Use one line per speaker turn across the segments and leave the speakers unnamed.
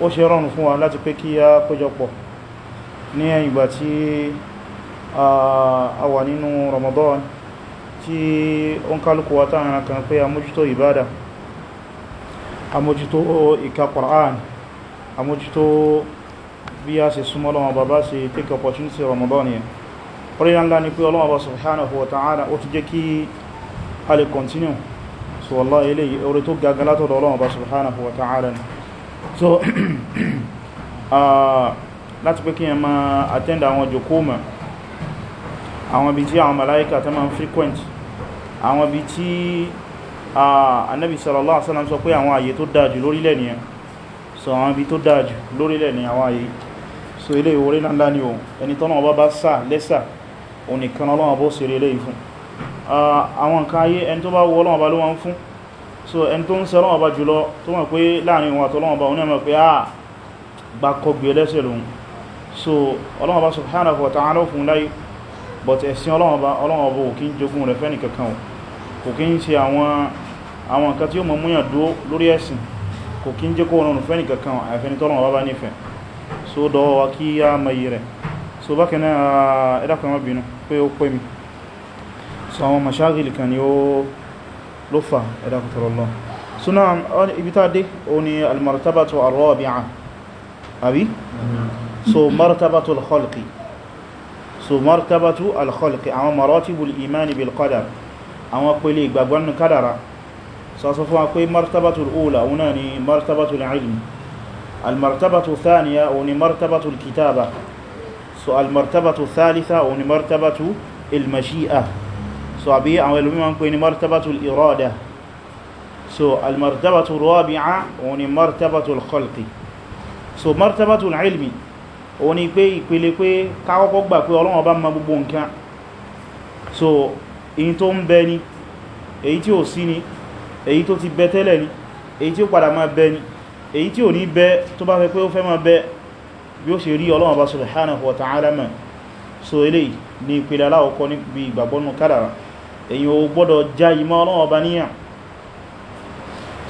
ó ṣe rọrùn fún wa láti pé kí a péjọpọ̀ ní ìgbà tí a wà nínú Ramadan tí ó ń kálùkù wa táàrin kan pé àmójútó ìbádà àmójútó ìka Qur'an àmójútó bí a ṣe súnmọ́ lọ́wọ́ bàbá ṣe take opportunity Ramadan yẹn orílẹ̀ ńlá ni pé Ọlọ́hun bá subhanahu wa ta'ala ó ti jẹ́ kí a lè continue so wallahi eléyìí orí tó gagalátọ̀ Ọlọ́hun bá subhanahu wa ta'ala ni so uh, láti pé kí ẹ ma attend àwọn jokoma àwọn ibi tí àwọn malaika tó ma frequent àwọn ibi tí anábi sallallahu alaihi wasallam sọ pé àwọn àyè tó dájú lórílẹ̀ nìyẹn so àwọn ibi tó dájú lórílẹ̀ ní àwọn àyè so ilé ìwòrí náà ńlá ni ohun ẹni tọ́nà ọba bá sáà lẹ́sà òní kan ọlọ́wọ́ bó sì rí ilé ìfún àwọn nǹkan ayé ẹni tó bá wọ́ ọlọ́wọ́ bá ló wọ́n fún so ẹni tó ń sẹ lọ́wọ́ bá jùlọ tó mọ̀ pé láàrin wọn àtọ́lọ́wọ́ bá wọn náà mọ̀ pé àà ah, gbà kọgbì ẹlẹ́sẹ̀ so Ọlọ́hun Ọba subhanahu wa ta'ala fún láyé but ẹ̀sìn Ọlọ́hun Ọba Ọlọ́hun Ọba ò kí ń jogún rẹ̀ fẹ́ni kankan o kò kí ń ṣe àwọn àwọn nǹkan tí ó mọ̀ múyàn dúó lórí ẹ̀sìn kò kí ń jẹ́ kó rọrùn fẹ́ni kankan àfẹ́ni tọ́lọ́hun Ọba bá nífẹ̀ẹ́ so do wa kí á mayi rẹ̀ so bákan náà ẹ̀dàkùnrin ọbìnrin pé ó pè mí so àwọn mashagil kan ni ó ló fà ẹ̀dàkùtọ̀rọ̀ lọ súnà ibi tá dé o ni almartabatu arọ́bìá àbí so martabatu alkhalqi so martabatu alkhalqi àwọn maratibul imani bil qadar àwọn pele ìgbàgbọ́nù kádàrá sọ́sọ́ fún akwai martabatu al'ula wuna ni martabatu al'ilmi almartabatu thaniya wuni martabatu alkitaba so almartabatu thalitha wuni martabatu almashi'a so àbí àwọn ẹlòmí ma ń pè ní martabatul irada so almartabatul rabi'a òun ni martabatul khalqi so martabatul ilmi òun ni pé ìpele pé kákọ́kọ́ gbà pé Ọlọ́run bá ma gbogbo nǹkan so èyí tó ń bẹ ni èyí tí ò sí ni èyí tó ti bẹ tẹ́lẹ̀ ni èyí tí ó padà máa bẹ ni èyí tí ò ní bẹ tó bá fẹ́ pé ó fẹ́ máa bẹ bí ó ṣe rí Ọlọ́run bá subhanahu wa ta'ala mọ̀ so eléyìí ni ìpele aláwọ̀kọ́ níbi ìgbàgbọ́nù kádàrá èyàn ò gbọ́dọ̀ já ìmọ̀ Ọlọ́run Ọba níyà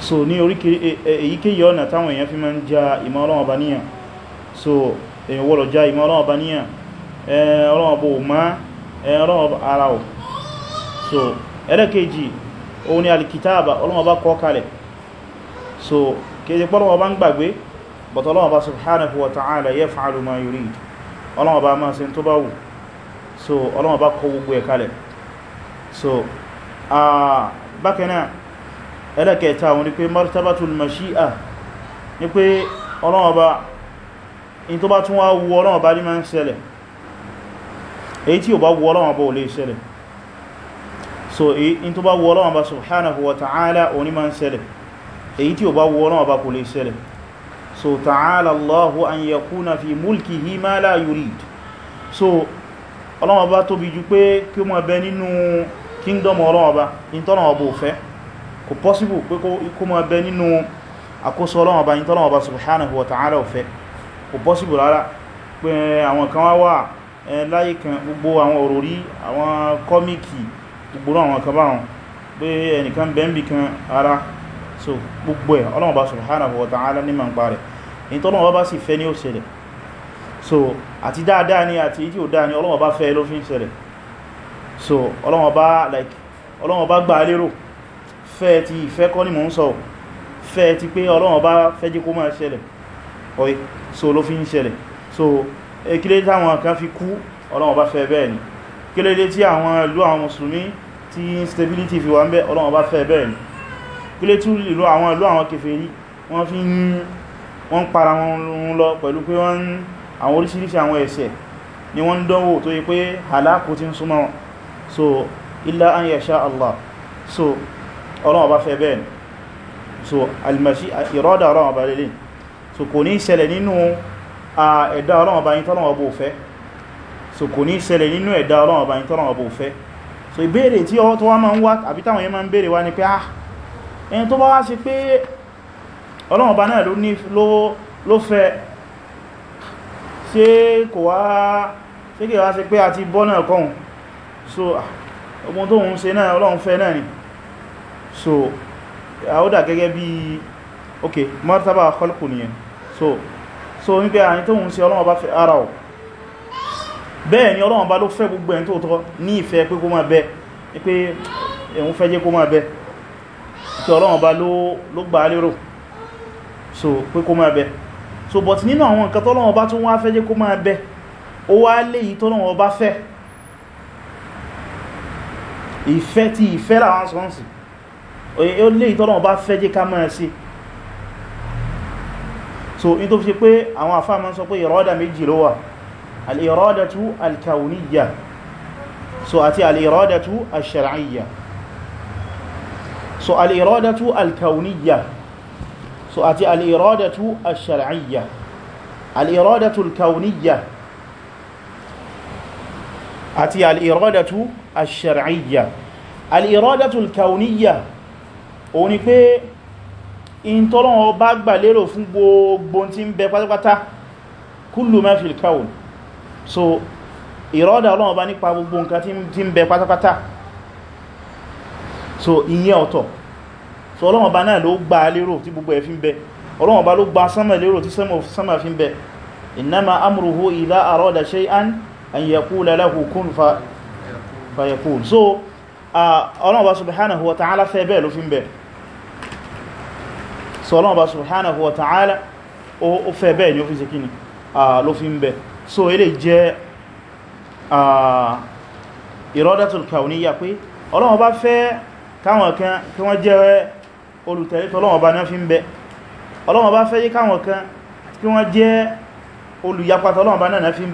so ní oríkiri e, e, èyíkéyìí ọ̀nà táwọn èyàn fi máa ń já ìmọ̀ Ọlọ́run Ọba níyà so èyàn gbọ́dọ̀ já ìmọ̀ Ọlọ́run Ọba níyà Ọlọ́run Ọba ò má Ọlọ́run ara ò so ẹlẹ́kejì òun ni so kéde pọ́lọ́run Ọba ń gbàgbé but Ọlọ́run Ọba subhanahu wa ta'ala yaf'alu ma yurid Ọlọ́run bá so Ọlọ́run Ọba kọ gbogbo ẹ̀ so bákanáà ẹlẹ́kẹta wọn ni pé martabatul mashi'a ni pé ọlọ́ọ̀ba in tó bá tún wá wu ọlọ́ọ̀ba ní máa ń ṣẹlẹ̀ èyí tí ò bá wu ọlọ́ọ̀ba ò lè ṣẹlẹ̀ so in tó bá wu ọlọ́ọ̀ba subhanahu wa ta'ala ò ní máa ń ṣẹlẹ̀ èyí tí ò bá wu ọlọ́ọ̀ba kò lè ṣẹlẹ̀ so ta'ala Allahu an yakuna fi mulkihi ma la yurid so ọlọ́ọ̀ba tóbi ju pé kí ó máa bẹ nínú kingdom ọlọ́ọ̀ba ìtọ́lọ̀ọ̀bá òfẹ́ kò possible pé kó máa bẹ nínú àkóso ọlọ́ọ̀ba ìtọ́lọ̀ọ̀ba subhanahu wa ta'ala òfẹ́ kò possible rárá pé eh, àwọn kan wá wà eh, láyé kan gbogbo àwọn òròrí àwọn kọ́míkì gbogbo àwọn kan báwọn pé ẹnìkan bẹ́ẹ̀bì kan ara so gbogbo ẹ̀ ọlọ́ọ̀ba subhanahu wa ta'ala ní ma ń parẹ̀ ìtọ́lọ̀ọ̀ba bá sì fẹ́ ní ó ṣẹlẹ̀ so àti dáadáa ni àti ìdí ò dáa ni ọlọ́ọ̀ba fẹ́ ló fi ń ṣẹlẹ̀ so ọlọ́wọ́n bá like ọlọ́wọ́n bá gbà lérò fẹ́ ti ìfẹ́ kọ́ ní mò ń sọ fẹ́ ti pé ọlọ́wọ́n bá fẹ́ jí kó máa ṣẹlẹ̀ ọ̀yí so ló fi ń ṣẹlẹ̀ so eh, kílé táwọn kan fi kú ọlọ́wọ́n bá fẹ́ bẹ́ẹ̀ ni kílé dé tí àwọn ìlú àwọn mùsùlùmí tí instability fi wà ń bẹ́ ọlọ́wọ́n bá fẹ́ bẹ́ẹ̀ ni kílé tún ìlú àwọn ìlú àwọn kèfèrí wọ́n fi ń wọ́n para wọn lọ pẹ̀lú pé wọ́n àwọn oríṣiríṣi àwọn ẹ̀ṣẹ̀ ni wọ́n dánwò tó yí pé àlákò ti ń súnmọ́ wọn so illa an yasha Allah so ọlọ́wọ́ bá fẹ́ bẹ́ẹ̀ so almashi ìrọ́dà ọlọ́wọ́ bá lélẹ̀ so kò ní ṣẹlẹ̀ nínú ẹ̀dá ọlọ́wọ́ bá yí tọ́lọ́wọ́ bó fẹ́ so kò ní ṣẹlẹ̀ nínú ẹ̀dá ọlọ́wọ́ bá yí tọ́lọ́wọ́ bó fẹ́ so ìbéèrè tí ọwọ́ tó wá máa ń wá àbí táwọn yẹn máa ń béèrè wá ní pé ah ẹni tó bá wá sí pé ọlọ́wọ́ bá náà ló fẹ́ ṣe kò wá ṣe kí wá sí pé àti bọ́ náà kọ́hùn so ah, ọmọ tó ń ṣe náà ọlọ́run fẹ́ náà ni so àwọ́dà gẹ́gẹ́ bí ok martaba kọlùkù nìyẹn so so ní pé àyí tó ń ṣe ọlọ́run bá fẹ́ ara ọ̀ bẹ́ẹ̀ ni ọlọ́run bá ló fẹ́ gbogbo ẹni tó tọ́ ní ìfẹ́ pé kó máa bẹ pé ẹ̀hún fẹ́ jẹ́ kó máa bẹ tí ọlọ́run bá ló gbà á lérò so pé kó máa bẹ so but nínú àwọn nǹkan tọ́lọ́run bá tún wá fẹ́ jẹ́ ìfẹ́ tí ìfẹ́ láwọn sọ́nsì ó lè ìtọ́lọ̀ bá fẹ́ jẹ́ ká máa sí so in tó fi ṣe pé àwọn àfáà máa ń sọ pé ìrọ́dà méjì ló wà al-iradatu al-kawniyya so àti al-iradatu so al-iradatu so àti al-iradatu al-shar'iyya al-iradatu al-kawniyya al iradatu al shariyya àti al'iradatu al-shar'iyya al'iradatu al-kauniyya ó ní pé in tọ́lọ́wọ́ bá gbà lérò fún gbogbo tí ń bẹ pátápátá kullu ma kaun so ìrọ́dà Ọlọ́run bá nípa gbogbo nǹkan tí ń bẹ pátápátá so ìyẹn ọ̀tọ̀ so Ọlọ́run bá náà ló gbà lérò tí gbogbo ẹ̀ fi ń bẹ Ọlọ́run bá ló gbà sánmà lérò tí sánmà fi ń bẹ innama amruhu idha arada shay'an an yaqula lahu kun fayakun so ọlọ́run bá subhanahu wa ta'ala fẹ́ bẹ́ẹ̀ ló fi ń bẹ̀ so ọlọ́run bá subhanahu wa ta'ala ó fẹ́ bẹ́ẹ̀ ni ó kíni ló fi ń so ilé jẹ́ iradatul kauniyya pé ọlọ́run bá fẹ́ káwọn kan kí wọ́n jẹ́ olùtẹ̀lé tọ́lọ́run bá náà fi ń bẹ̀ ọlọ́run bá fẹ́ yí káwọn kan kí wọ́n jẹ́ olùyapatọ́lọ́run bá náà fi ń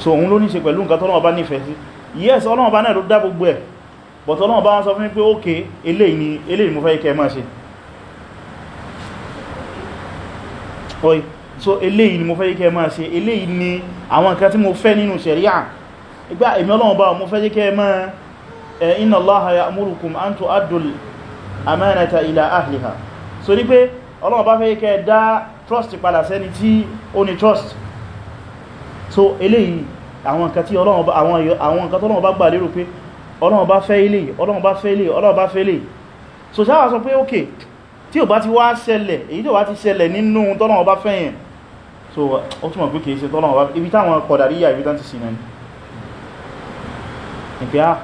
so òun ló ní ṣe pẹ̀lú nǹkan tọ́lọ́wọ́ ni nífẹ̀ẹ́ si yes ọlọ́wọ́ bá náà ló dá gbogbo ẹ̀ but ọlọ́wọ́ bá wọ́n sọ fún pé ókè eléyìí ni eléyìí mo fẹ́ ikẹ́ máa ṣe oi so eléyìí ni mo fẹ́ ikẹ́ máa ṣe eléyìí ni àwọn nǹkan tí mo fẹ́ nínú ṣẹ̀ríà ìgbà èmi ọlọ́wọ́ bá mo fẹ́ ikẹ́ máa eh, inna Allaha ya'murukum an tu'addul amanata ila ahliha so ní pé ọlọ́wọ́ bá fẹ́ ikẹ́ dá trust padà sẹ́ni tí ó ní trust so eléyìí àwọn nǹkan tí Ọlọ́run bá àwọn nǹkan tọ́lọ́run bá gbà lérò pé Ọlọ́run bá fẹ́ eléyìí Ọlọ́run bá fẹ́ eléyìí Ọlọ́run bá fẹ́ eléyìí so ṣáwà sọ pé okay tí ò bá ti wá ṣẹlẹ̀ èyí tí ò ti ṣẹlẹ̀ nínú tọ́lọ́run bá fẹ́ yẹn so ó túnmọ̀ pé kìí ṣe tọ́lọ́run bá ibi táwọn kọ̀dàríyà ibi tán ti sinà ní ìpé á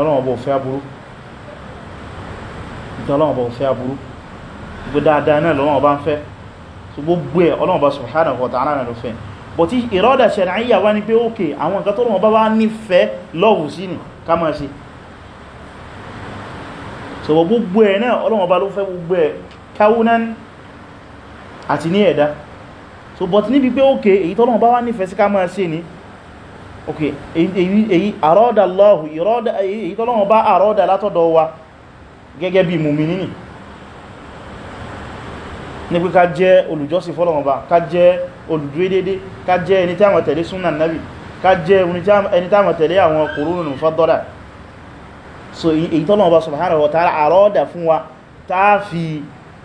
Ọlọ́run bá fẹ́ aburú ìpé Ọlọ́run bá fẹ́ aburú gbogbo dáadáa náà lọ́wọ́n bá ń fẹ́ so gbogbo ẹ̀ Ọlọ́run bá subhanahu wa ta'ala náà ló fẹ́ but ìrọ́dà ṣẹ̀ráyà wá ní pé ókè àwọn nǹkan tó rọ̀ bá wá nífẹ̀ẹ́ lọ́wù sí ni ká máa ṣe so gbogbo ẹ̀ náà Ọlọ́run bá ló fẹ́ gbogbo ẹ̀ káwúnán àti ní ẹ̀dá so but níbi pé ókè èyí tó Ọlọ́run bá wá nífẹ̀ẹ́ sí ká máa ṣe ni ok èyí àrọ́dà lọ́hù èyí tó Ọlọ́run bá àrọ́dà látọ̀dọ̀ wa gẹ́gẹ́ bí mùmínì ní pé ká jẹ́ olùjọ́sìn fọ́lọ̀wọ̀nba ká jẹ́ olùdúrédédé ká jẹ́ ẹni tí àwọn tẹ̀lé súnà nábì ká jẹ́ ẹni tí àwọn tẹ̀lé àwọn kòrónù fọ́dọ́dà so èyí tọ́lọ̀wọ̀nba subhanahu wa ta'ala àrọ́dà fún wa táà fi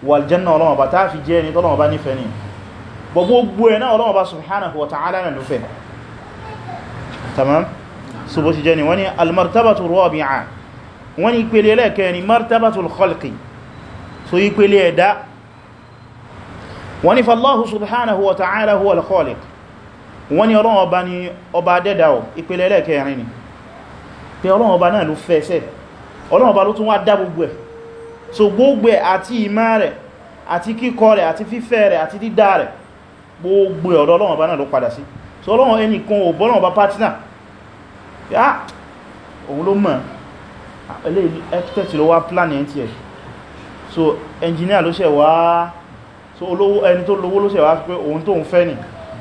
wàljanna ọlọ́wọ̀nba táà fi jẹ́ ẹni tọ́lọ̀wọ̀nba nífẹ̀ẹ́ ni gbogbo ẹ̀ náà ọlọ́wọ̀nba subhanahu wa ta'ala nà lúfẹ́ tamam so bó ṣe jẹ́ ni wani so ìpele ẹ̀dá wọ́n ní fallahu subhanahu wa ta'ala huwa al-khaliq wọ́n ní ọlọ́run ọba ni ọba dẹ́dà ọ̀ ìpele ẹlẹ́kẹrin ni pé ọlọ́run ọba náà ló fẹ́ẹ̀ṣẹ́ ọlọ́run ọba ló tún wá dá gbogbo ẹ̀ so gbogbo ẹ̀ àti ìmá rẹ̀ àti kíkọ rẹ̀ àti fífẹ́ rẹ̀ àti dídá rẹ̀ gbogbo engineer ló ṣẹ̀ wá so olówó ẹni tó lówó ló sẹ̀wá pé ohun tó ń fẹ́ nì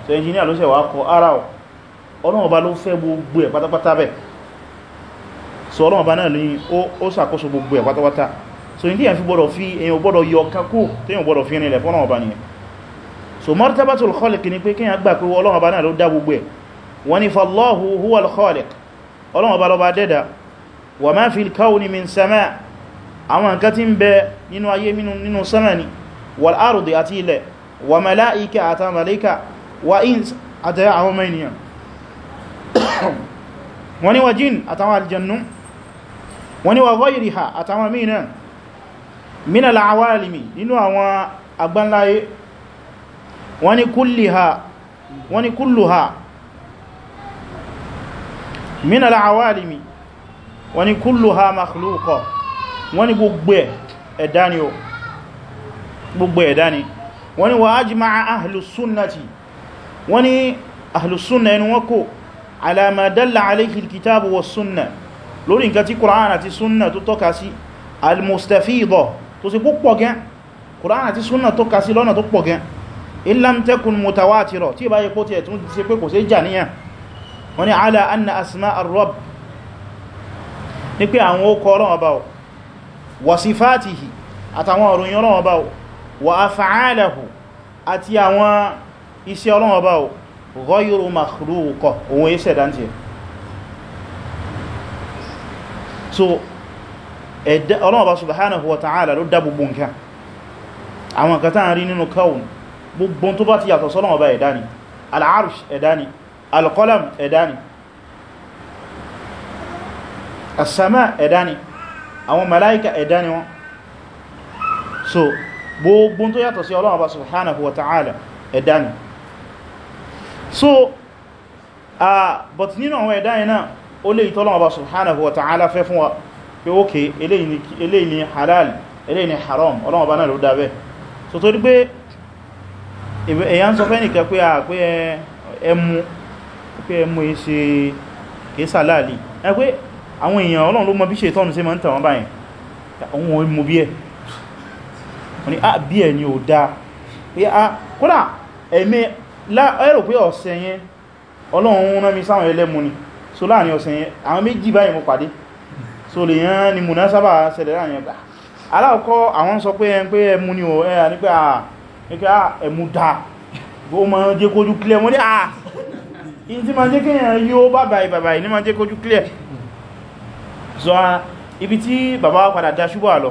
so engineer ló sẹ̀wá kọ ara ọ̀ ọlọ́run ọba ló fẹ́ gbogbo ẹ̀ pátápátá bẹ̀ so ọlọ́run ọba náà ní ó ṣàkóso gbogbo ẹ̀ pátápátá so ní díẹ̀ fi gbọ́dọ̀ fi èyàn gbọ́dọ̀ yọ kakó téyàn gbọ́dọ̀ fi rinlẹ̀ fọ́nà ọba nìyẹn so martabatul khaliq ni pé kíyàn gbà pé ọlọ́run ọba náà ló dá gbogbo ẹ̀ wọ́n ni fallahu huwal khaliq ọlọ́run ọba lọba dẹ́dà wa ma fil kawni min sama àwọn nǹkan tí ń bẹ nínú ayé nínú sama ni wal ardi àti ilẹ̀ wa malaika àti malaika wa ins àti àwọn mẹ́niyàn wani wa jin àtàwọn aljannu wani wa ghayriha àtàwọn mìíràn min al-awalimi nínú àwọn agbánláyé wani kulliha wani kulluha min al-awalimi wani kulluha makhluqa wani gbogbo ẹ̀dá ni gbogbo ẹ̀dá ni wọ́n ni wa ajma'a ahlus sunnati wọ́n ni ahlus sunna ẹni wọ́n kò ala ma dalla alayhi alkitabu was sunna lórí nǹkan tí Qur'an àti sunna tó tọ́ka sí almustafida tó sì púpọ̀ gẹn Qur'an àti sunna tọ́ka sí lọ́nà tó pọ̀ gẹn illam takun mutawatira tí bá yẹ kó tí ẹ̀ tún kò sí jà wọ́n ni ala anna asma ar-rabb pé àwọn ó ọ̀rọ̀ ọba ò àtàwọn ọ̀rọ̀ yọ́rọ̀ ọba wa af'alahu àti àwọn iṣẹ́ Ọlọ́run Ọba o ghayru makhluqa òun iṣẹ́ dáńtí so Ọlọ́run Ọba subhanahu wa ta'ala ló dá gbogbo nǹkan àwọn nǹkan tán rí nínú kaun gbogbo tó bá ti yàtọ̀ sọ́lọ́run Ọba ẹ̀dá ni al-arsh ẹ̀dá al-qalam ẹ̀dá as-sama ẹ̀dá ni àwọn màláíkà ẹ̀dá so gbogbo tó yàtọ̀ sí Ọlọ́run Ọba subhanahu wa ta'ala ẹ̀dá ni so uh, but nínú àwọn ẹ̀dá yìí náà ó lè ìtọ́lọ́run Ọba subhanahu wa ta'ala fẹ́ fún wa pé ókè eléyìí ni halal eléyìí haram Ọlọ́run Ọba náà ló dábẹ́ so torí pé èyàn sọ fẹ́ nìkẹ́ pé à pé ẹmu pé ẹmu ìṣe kìísà láàlì ẹ pé àwọn èèyàn Ọlọ́run ló mọ bí wọ́n ni a ah, bí ẹ̀ ni ò dá pé a ah, kódà ẹ̀mí ẹ̀rọ pé ọ̀sẹ̀ yẹn ọlọ́run rán mi sáwọn ẹlẹ́mu ni so láàrin ọ̀sẹ̀ yẹn àwọn méjì báyìí mo pàdé so lè yán ni múná sábà ṣẹlẹ̀ láàrin ẹgbà a ẹmu ah, dá ó ma jẹ́ kójú clear wọ́n ní à in tí ma jẹ́ kéèyàn ibi tí bàbá padà dá ṣubọ́ àlọ́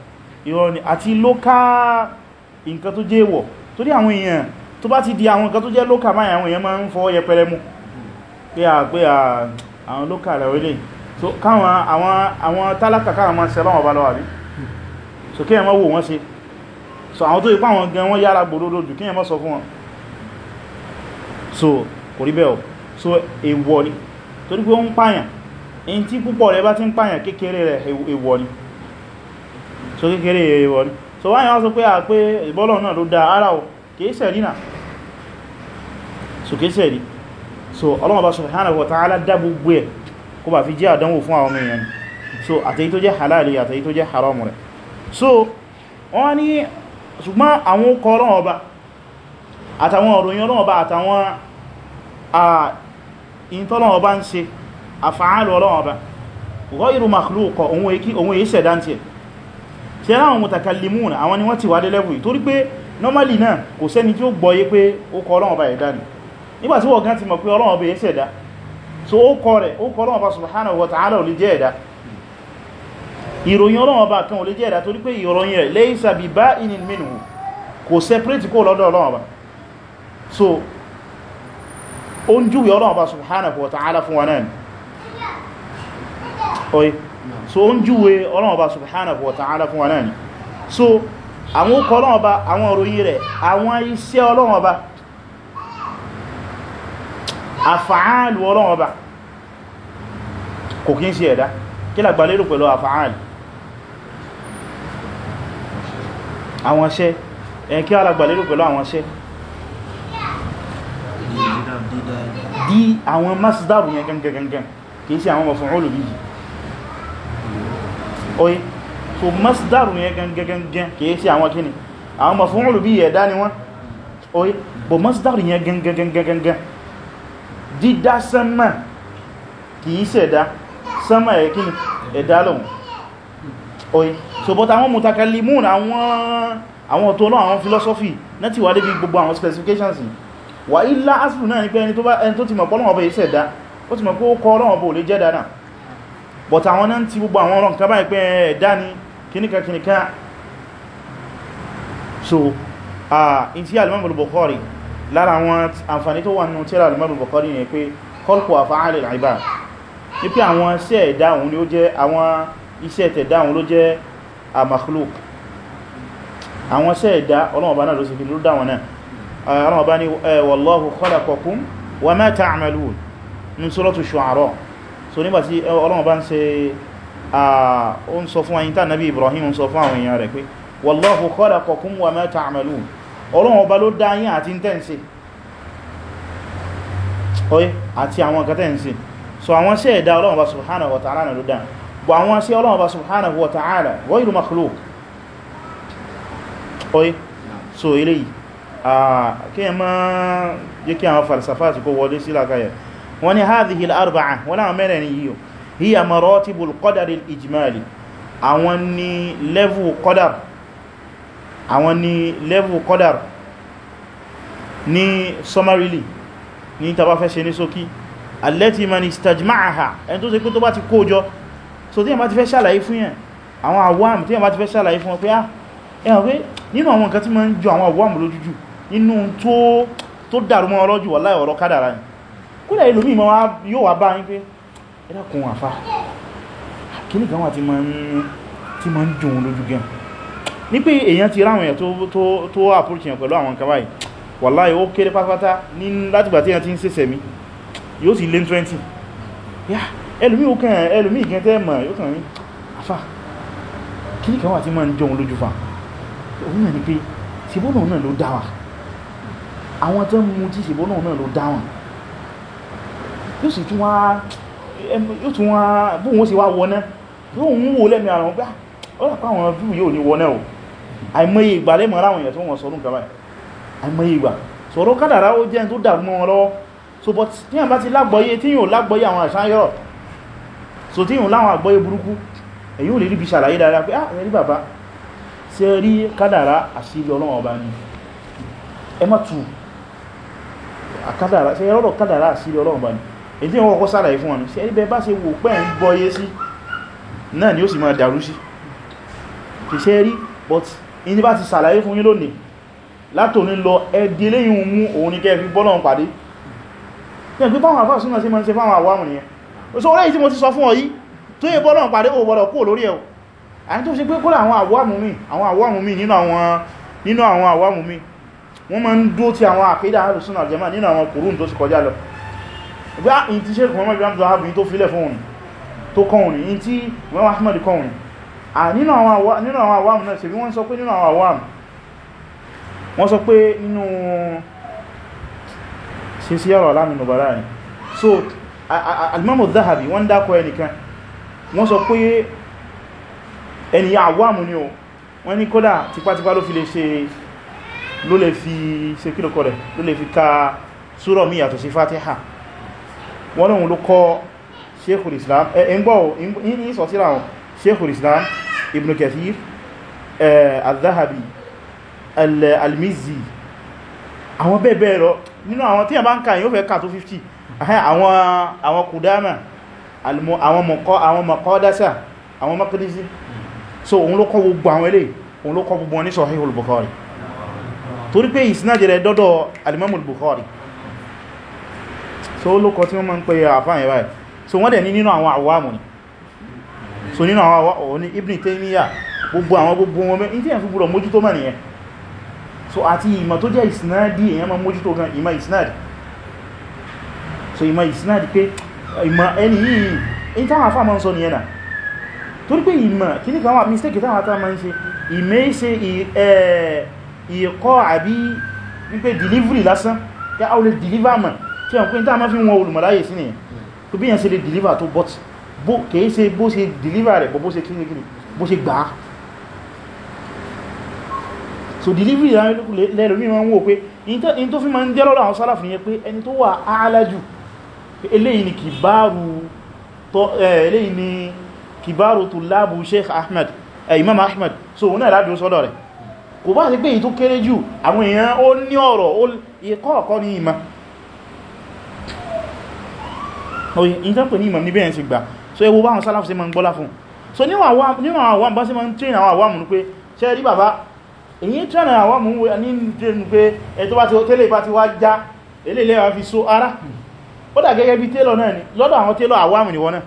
irọ́ ni àti local nǹkan tó jẹ́ wọ̀ torí àwọn èèyàn tó bá ti di àwọn nǹkan tó jẹ́ local báyìí àwọn èèyàn máa ń fọ́ yẹpẹrẹ mú pé à pé àwọn local rẹ̀ orílẹ̀ so káwọn àwọn àwọn tálákà káwọn máa ṣẹlọ́ wọn bá lọ́wà rí so kí ẹ̀mọ́ wò wọ́n ṣe so àwọn tó ipá wọn gan wọ́n yára gbòdódó jù kí ẹ̀mọ́ sọ fún wọn so kò rí bẹ́ẹ̀ so èèwọ̀ ni torí pé ó ń pààyàn èyí tí púpọ̀ rẹ̀ bá ti ń pààyàn kékeré rẹ̀ èèwọ̀ ni so kékeré èèwọ̀ ni so wáyé wá sọ pé à ah, pé ìbọ́lọ̀ náà ló dá ara o kéèsẹ̀ rí náà so kéèsẹ̀ rí so Ọlọ́hun Ọba subhanahu wa ta'ala dá gbogbo ẹ̀ kó bá fi jẹ́ àdánwò fún àwọn èèyàn so àtẹ́yí tó jẹ́ halali àtẹ́yí tó jẹ́ haramu rẹ̀ so wọ́n ní ṣùgbọ́n àwọn okọ̀ Ọlọ́hun Ọba àtàwọn òròyìn Ọlọ́hun Ọba àtàwọn ìntọ́lọ́hun Ọba ń ṣe àfààlù Ọlọ́hun Ọba ghayru makhluqa òun èyí sẹ̀dántì ẹ̀ ṣẹ́rá àwọn mutakallimuna àwọn ni wọ́n ti wà dé level yìí torí pé normally náà kò sẹ́ni tí ó gbọ́yé pé ó kọ Ọlọ́run Ọba ẹ̀dá ni nígbàtí wọ́n gan ti mọ̀ pé Ọlọ́run Ọba ẹ̀ṣẹ̀ dá so ó kọ rẹ̀ ó kọ Ọlọ́run Ọba subhanahu wa ta'ala ò lè jẹ́ ẹ̀dá ìròyìn Ọlọ́run Ọba kan ò lè jẹ́ ẹ̀dá torí pé ìròyìn rẹ̀ laysa bi ba'inin minhu kò separate kó lọ́dọ̀ Ọlọ́run Ọba so ó ń so ó ń júwe Ọlọ́run Ọba subhanahu wa ta'ala fún wa náà ni so àwọn ó kọ Ọlọ́run Ọba àwọn òròyìn rẹ̀ àwọn iṣẹ́ Ọlọ́run Ọba àfààlù Ọlọ́run Ọba kò kí ń sí ẹ̀dá kí la gbà lérò pẹ̀lú àfààlù àwọn iṣẹ́ ẹ̀yìn kí la gbà lérò pẹ̀lú àwọn iṣẹ́ oye so masdaru yẹn gangan kìí sí àwọn kíni àwọn maf'ul bihi ẹ̀dá ni wọ́n oye bọ̀ masdaru yẹn gangan dídá sánmà kìí sẹ̀dá sánmà ẹ̀ kíni ẹ̀dá lọ́wọ́ oye so but àwọn mutakallimun àwọn tó náà àwọn philosophy náà ti wà débi gbogbo àwọn specifications yìí wà ilá asìlù náà ní pé ẹni tó ti mọ̀ pọ́lọ́wọ́ bẹ̀ ìṣẹ̀dá ó ti mọ̀ pé ó kọ́ ọlọ́wọ́ bò lè jẹ́dá but àwọn náà ti gbogbo àwọn ọ̀rọ̀ nǹkan báyìí pé ẹ̀dá ni kìníkà kìníkà so in ti al-Imam al-Bukhari lára àwọn àǹfàní tó wà nínú tírà al-Imam al-Bukhari ni pé khalqu af'al al-ibad ní pé àwọn iṣẹ́ ẹ̀dá òun ni ó jẹ́ àwọn iṣẹ́ tẹ̀dá òun ló jẹ́ al so nígbàtí Ọlọ́run bá ń ṣe ó ń sọ fún ayin tá nàbí Ibrahim ń sọ fún àwọn èèyàn rẹ̀ pé wallahu khalaqakum wa ma ta'malun Ọlọ́run bá ló dá yín àti tẹ́ǹsì oye àti àwọn kan tẹ́ǹsì so àwọn ṣe ẹ̀dá Ọlọ́run bá subhanahu wa ta'ala na ló dá bọ̀ àwọn wọ́n ní hadhihi al-arba'a wọ́n láwọn mẹ́rẹ̀rin yíò hiya maratibu al-qadar al-ijmali àwọn ni level qadar àwọn ni level qadar ní summarily ní tàbá fẹ́ ṣe ní sókí allati man istajma'aha ẹni tó ṣe pé tó bá ti kójọ so tí ẹ bá ti fẹ́ ṣàlàyé fún yẹn àwọn àwọ́m tí ẹ bá ti fẹ́ ṣàlàyé fún wọn ah, ẹ̀hàn pé nínú àwọn nǹkan tí ma ń jọ àwọn àwọ́m lójújù nínú tó dàrú mọ́ ọlọ́jù wà láì ọ̀rọ̀ kádàrá yìí kúlẹ̀ ìlúmí ma yóò wà bá yín pé ẹ̀dàkùn àfá kìíní kan wà tí ma ń jùun lójú gẹn ní pé èyàn ti ráwọn èyàn tó approach yẹn pẹ̀lú àwọn kàwáì wàláhí ó kéré pátápátá ní látìgbà tí èyàn ti ń sẹ́sẹ̀ mi yóò sì lé 20 ẹlùmí òkàn ẹlùmí ìgẹn tẹ́ mọ̀ yóò kàn rí àfá kìíní kan wà tí ma ń jùun lójú fa òun náà ni pé ṣìbónà náà ló dáwà àwọn tó ń mú tí ṣìbónà náà ló dáwà yóò sì tún wá yóò tún wá bú wọn ah, wọ́n sọ̀rọ̀ kádàrá ó jẹ́ tó dàrú mọ́ wọn so but tí a bá ti lágbọ́yé tí yóò lágbọ́yé àwọn àṣáyọ̀ so tí yóò láwọn àgbọ́yé burúkú èyí ò lè ríbi ṣàlàyé dáadáa pé ah ẹ̀rí bàbá ṣe rí kádàrá àṣírí ọlọ́wọ́ ọba ni èdè wọn kọ́ sàlàyé fún ọ̀nà sí ẹgbẹ́ bá ṣe wò pẹ́ ń gbọ́yé sí náà ni ó sì máa dàrú sí kì rí but in bá ti sàlàyé fún yín lónìí látòní lọ ẹdí léyìn mú òun ní kẹ́ fi bọ́lọ̀ pàdé wọ́n máa ń dó ti àwọn àkídà àrùsùn àjẹmà nínú àwọn kùrùn tó ti kọjá lọ gbá in ti ṣe ìkùnmọ́ ìbí àmì ààbò yí tó filẹ̀ fún òun tó kọun ní in tí wọ́n wá ahmed kọun nínú àwọn àwàmù náà ṣebí wọ́n sọ pé nínú àwọn àwàmù wọ́n sọ pé nínú ṣe sí ọ̀rọ̀ alámìnà bàrá ni so alimamu zahabi wọ́n dákọ ẹnìkan wọ́n sọ pé ẹni àwàmù ni o wọ́n ní kódà tipátipá ló fi lè ṣe ló lè fi ṣe kílòkọ̀ rẹ̀ ló lè fi ka súrọ̀ míyàtọ̀ sí fatiha wọ́n lóhun ló kọ́ sheikhul islam ẹgbọ́ ní sọ síra wọn sheikhul islam ibn kathir al-zahabi al-mizzi àwọn bẹ́ẹ̀bẹ́ẹ̀ lọ nínú àwọn tí a bá ń ka yíó fẹ́ ká tó 50 àwọn kudama àwọn makọ́dásá àwọn makadisi so òun ló kọ́ gbogbo àwọn ilé òun ló kọ́ gbogbo wọn ní sahihul bukhari torí pé ìsinájẹ̀rẹ̀ dọ́dọ̀ al-imam so olókọ tí wọ́n máa ń pè àfáàyàn báyìí so wọ́n dẹ̀ ní nínú àwọn àwámù ni so nínú àwọn àwámù ní Ibn Taymiyyah gbogbo àwọn gbogbo wọn mẹ́ ní tí èyàn fi gbọ́dọ̀ mójútó mọ̀ nìyẹn so àti ìmọ̀ tó jẹ́ ìsinádi èyàn máa mójútó gan ìmọ̀ ìsinádi so ìmọ̀ ìsinádi pé ìmọ̀ ẹni yìí in táwọn afá máa ń sọ nìyẹn náà torí pé ìmọ̀ kí ní kan wà mistake táwọn afá máa ń ṣe ìmẹ́ ṣe ìkọ́ àbí wípé delivery lásán yá ó lè deliver mọ̀ tí a ń pín tí a máa fi wọn olùmọ̀láyè sí nìyàn tó bí yẹn ṣe lè deliver tó bọ́t bó kèé ṣe bó ṣe deliver rẹ̀ bó ṣe kíni kíni bó ṣe gbà so delivery lẹ́lòmí ma ń wò pé in tó fi ma ń jẹ́ lọ́dọ̀ àwọn sálàfì yẹn pé ẹni tó wà áàlájù eléyìí ni tó láàbù oye ìjọpẹ̀ ní ìmọ̀ níbẹ̀ yẹn so ewu báwọn sálàfù sí ma ń so níwọ̀n àwọn bá sí ma ń tíẹ̀nà àwọn àwàmù ní pé ṣe rí bàbá èyí tíẹ̀nà àwàmù ní tíẹ̀nù pé ẹ̀tọ́ bá ti tẹ́lẹ̀ bá ara ó dà gẹ́gẹ́ bí ni lọ́dọ̀ àwọn tẹ́lọ̀ àwàmù nìwọ̀n náà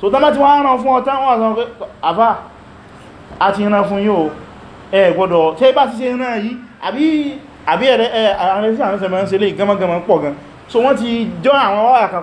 so tán bá ti wá rán fún ọtá wọ́n sọ pé àfá àti ìran fún yóò ẹ gbọ́dọ̀ tẹ́ bá ti ṣe náà yìí àbí ẹ̀rẹ́ àwọn so wọ́n ti jọ àwọn wáyà kan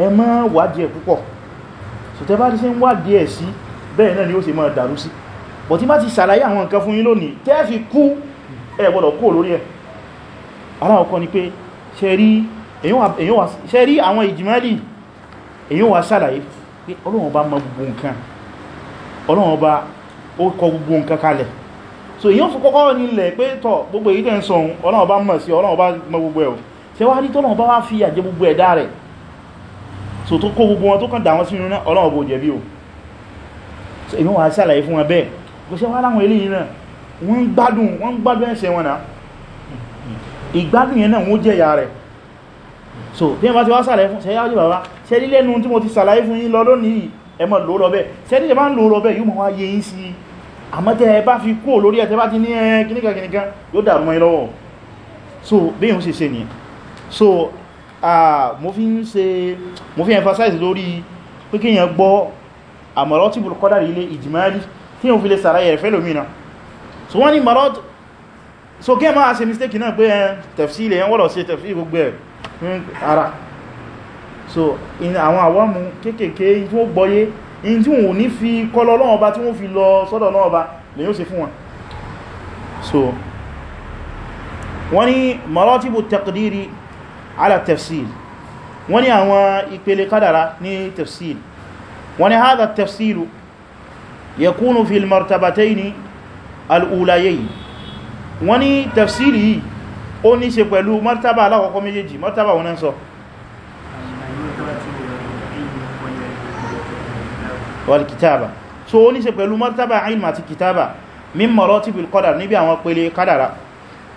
ẹ má wádìí ẹ̀ púpọ̀ so tẹ́ bá ti ṣe ń wádìí ẹ̀ sí bẹ́ẹ̀ náà ni ó ṣe máa dàrú sí bọ̀ tí má ti ṣàlàyé àwọn nǹkan fún yín lónìí tẹ́ fi kú ẹ gbọ́dọ̀ kú lórí ẹ̀ aláwọ̀kọ́ ni pé ṣe rí àwọn ìjìmẹ́lì èyí wà ṣàlàyé pé Ọlọ́run bá mọ gbogbo nǹkan Ọlọ́run bá ó kọ gbogbo nǹkan kalẹ̀ so èyí fún kọ́kọ́ nílẹ̀ pé tọ́ gbogbo èyí tẹ́ ń sọ Ọlọ́run bá mọ̀ sí Ọlọ́run bá mọ gbogbo ẹ̀ so tó kó gbogbo wọn tó kàn dà sínú náà ọlọ́wọ́ bó jẹ̀bi o so èmi wà sàlàyé fún wọn kò ṣe wá láwọn eléyìí náà wọ́n ń gbádùn wọ́n ń gbádùn ẹ̀ṣẹ̀ wọn náà ìgbádùn yẹn náà wọ́n jẹ̀yà rẹ̀ so bí bá ti wá sàlàyé fún Ah, mo fi ń ṣe mo fi emphasize lórí pé kí èyàn gbọ́ àmọ̀rọ̀tìbùl kọ́dàrí ilé ìjìmáàlì tí yíò fi lè sàráyẹ̀ rẹ̀ fẹ́lòmínà so wọ́n ni marot so kí ẹ máa ṣe mistake náà pé tafsir ilẹ̀ wọ́lọ̀ ṣe tafsir gbogbo ẹ̀ hmm, ara so in àwọn àwọ́mù kéèkèé tí ó gbọ́yé in tí wọ́n ní fi kọlọ lọ́wọ́ bá tí wọ́n fi lọ sọ́dọ̀ lọ́wọ́ bá lè yóò ṣe fún wọn so wọ́n ni maratibu taqdiri ala tafsil wọ́n ní àwọn ìpele kádàrá ní tafsil wọ́n ní hadha tafsil yakunu fil martabataini al'ulayayi wọ́n ní tafsil yìí ó ní ṣe pẹ̀lú martaba alákọ̀ọ́kọ́ méjèèjì martaba wọn ń sọ wal kitaba so ó ní ṣe pẹ̀lú martaba ilm àti kitaba min maratibil qadar níbi àwọn pele kádàrá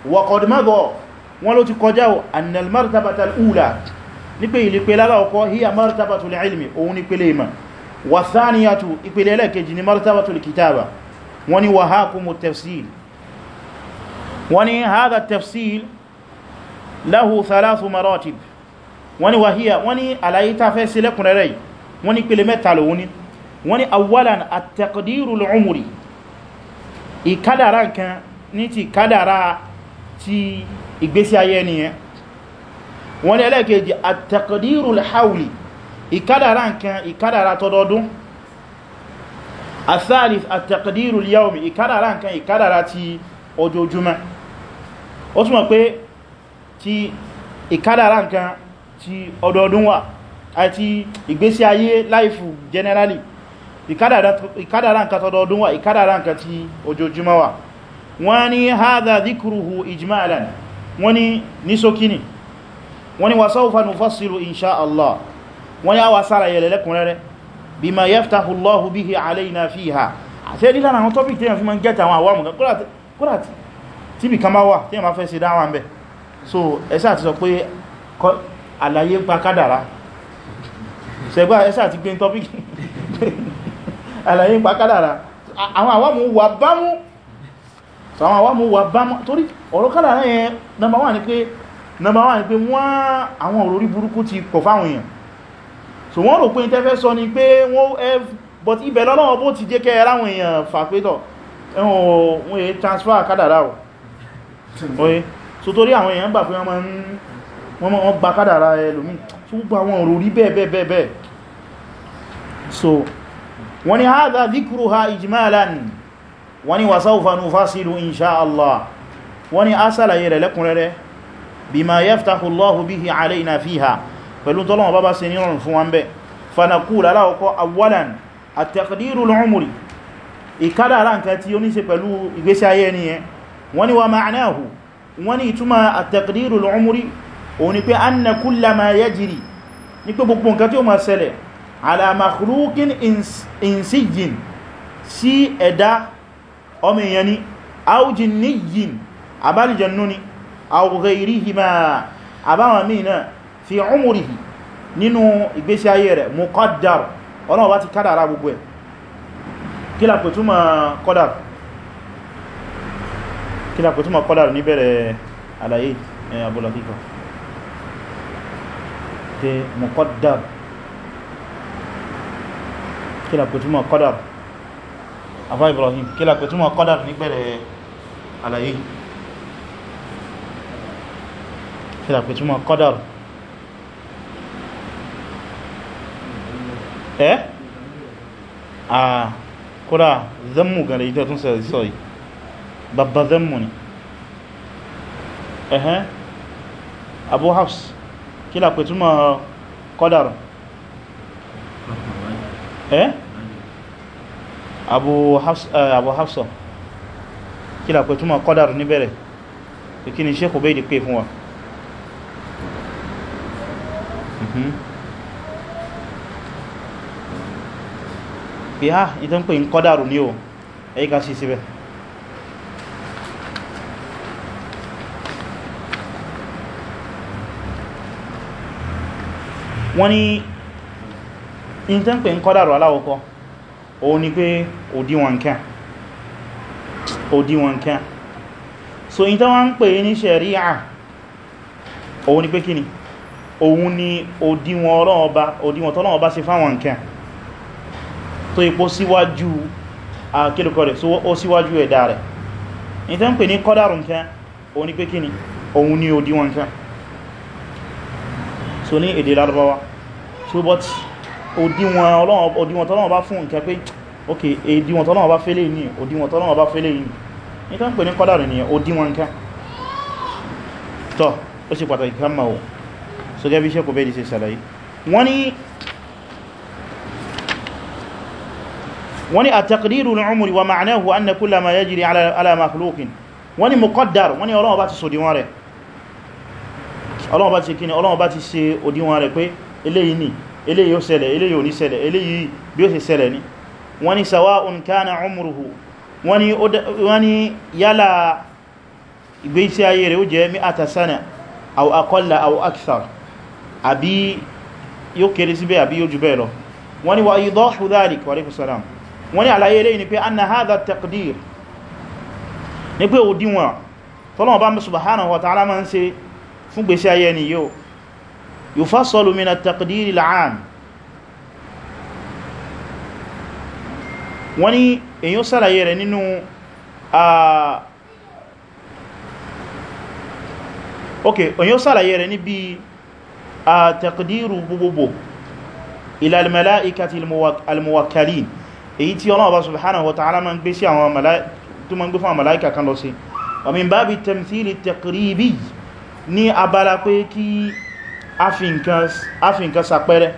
wa qad wọ́n ló ti kọjá o annal martabata al'ula ní pé ìlìpele aláwọ̀kọ́ hiya martabatul ilmi òun ní pele ìmọ̀ wà sáníyàtù ìpele ẹlẹ́kejì ni martabatul kitaba wọ́n ni wà hakumu tafsil wọ́n ni haga tafsil lahu thalathu maratib wọ́n ni wà hiya wọ́n ni alayi ta fẹ́ sí lẹ́kùnrẹ́rẹ́ ìgbésí ayé nìyẹn wọ́n ní ẹlẹ́kejì àtẹ̀kọ̀dírù hauli ìkádàrá nǹkan ìkádàrá tọdọdún asalif àtẹ̀kọ̀dírù yaomi ìkádàrá nǹkan ìkádàrá ti ojoojúmọ́ ó túnmọ̀ pé ti ìkádàrá nǹkan ti ọdọọdún wà àti ìgbésí ayé láìfù generally ìkádàrá nǹkan tọdọọdún wà ìkádàrá nǹkan ti ojoojúmọ́ wà wọ́n ní hadha dhikruhu ijmalan wọ́n ni ní sókínì wọ́n ni wa sawfa nufassilu insha Allah wọ́n ni a wà sára yẹ̀lẹ̀ lẹ́kùnrẹ́rẹ́ bima yaftahu Allahu bihi alayna fiha àti ẹ̀rí lára àwọn topic tí yẹn fi ma ń àwọn àwọn àmùgá kúrò ma ń bẹ̀ so ẹsẹ́ àti sọ pé àlàyé pa kádàrá ṣẹgbà ẹsẹ́ àti gbé topic àlàyé pa kádàrá àwọn àwọn ọ̀rọ̀ kálà náà yẹn number one ni pé number one ni pé wọ́n àwọn òrórí burúkú ti pọ̀ fáwọn èèyàn so wọ́n rò pé ní tẹ́fẹ́ sọ ni pé wọ́n f but ibẹ̀ lọ́nà bó ti jẹ́ wọ́n yẹ transfer kádàrá ò oye ni hadha dhikruha ijmalan wọ́n ni Allah wọ́n ní a sàlàyé rẹ̀ lẹ́kùnrẹ́rẹ́ bima yaftahu Allahu bihi alayna fiha pẹ̀lú tọ́lọ́wọ́ bá bá ṣe ní rọrùn fún wọn bẹ́ fanakula aláwọ̀kọ́ awwalan at-taqdiru al-umri ìkádà ara nǹkan tí ó ní ṣe pẹ̀lú ìgbésí ayé ni aw àbálìjẹ̀nú ni àwòrán ìríhì máa àbáwọn míì náà fi umurihi nínú ìgbésí ayé rẹ̀ mú kọ́dàr ọlọ́wọ́ bá ti kádàrá gbogbo ẹ̀ kí la pè túmọ̀ kọ́dàr kí la pè túmọ̀ kọ́dàr níbẹ̀rẹ̀ àlàyé abúlọ̀ kíkọ̀ pé kí la pè túmọ̀ àlàyé kíra pé túnmọ̀ kọ́dàrù ẹ́ à kódà zammu gan lè tún sẹ̀rẹ̀ sọ yìí babba zammu ni ẹ̀hẹ́n abu House, kíra pé túnmọ̀ kọ́dàrù ẹ́ abu hafsa kíra pé túnmọ̀ kọ́dàrù níbẹ̀rẹ̀ kí ni Sheikh Ubaydi pé fún wa pé mm-hmm. ha ìtàn pé ń kọ́dàrù ní o ẹ̀yí ká sí síbẹ̀ wọ́n ní ìtàn pé ń kọ́dàrù aláwọ̀kọ́ òun ni pé òdíwọ̀n kẹ́ òdíwọ̀n kẹ́ so ìtàn wọ́n ń pè ní ṣẹ̀ríà òun ni pé kíni òun ni òdíwọ̀n ọlọ́ọ̀ba òdíwọ̀n tọ́lọ́ọ̀ba ṣe fáwọn nǹkan tó ipò síwájú àkílùkọ́ rẹ̀ ó síwájú ẹ̀dá rẹ̀ ní tẹ́ ń pè ní kọ́dàrùn nǹkan òun ni pé kíni òun ni òdíwọ̀n nǹkan so ní èdè larabawa so but òdíwọ̀n tọ́lọ́ọ̀ba fún nǹkan pé ok èdíwọ̀n tọ́lọ́ọ̀ba fẹ́lẹ̀ ní òdíwọ̀n tọ́lọ́ọ̀ba fẹ́lẹ̀ ní ní tẹ́ ń pè ní kọ́dàrùn nìyẹn òdíwọ̀n nǹkan tọ́ ó sì pàtàkì ká máa so gẹ́bí ṣe kò bẹ́ di ṣe ṣàlàyé wọ́n ni àtàkìdírù l'umri wa ma'nahu anna kulla ma yajri ala makhluqin wọ́n ni muqaddar wọ́n ni Ọlọ́run bá ti ṣe òdiwọ̀n rẹ̀ kíni Ọlọ́run bá ti ṣe òdiwọ̀n rẹ̀ pé eléyìí ni eléyìí ó ṣẹlẹ̀ eléyìí ò ní ṣẹlẹ̀ àbí yóò kéré síbẹ̀ àbí yóò jù bẹ́ẹ̀ lọ wọ́n ní wa idahu dhalik wa alaykum salam wọ́n ní àlàyé eléyìí ni pé anna hadha taqdir ní pé òdiwọ̀n tọ́lọ̀wọ̀n bá subhanahu wa ta'ala máa ń ṣe fún gbèsè ayé ni yóò yufassalu min at-taqdir al-'am wọ́n ní èyí ó sàlàyé rẹ̀ nínú ok èyí ó sàlàyé rẹ̀ níbi àtẹ̀kìdírù gbogbogbò ila al-mala'ikati al-muwakkalin èyí tí Ọlọ́run Ọba subhanahu wa ta'ala ma ń gbé fún àwọn mala'ika kan lọ sí wa min babi tamthili taqribi ní abala pé kí afinkan sapẹ́rẹ́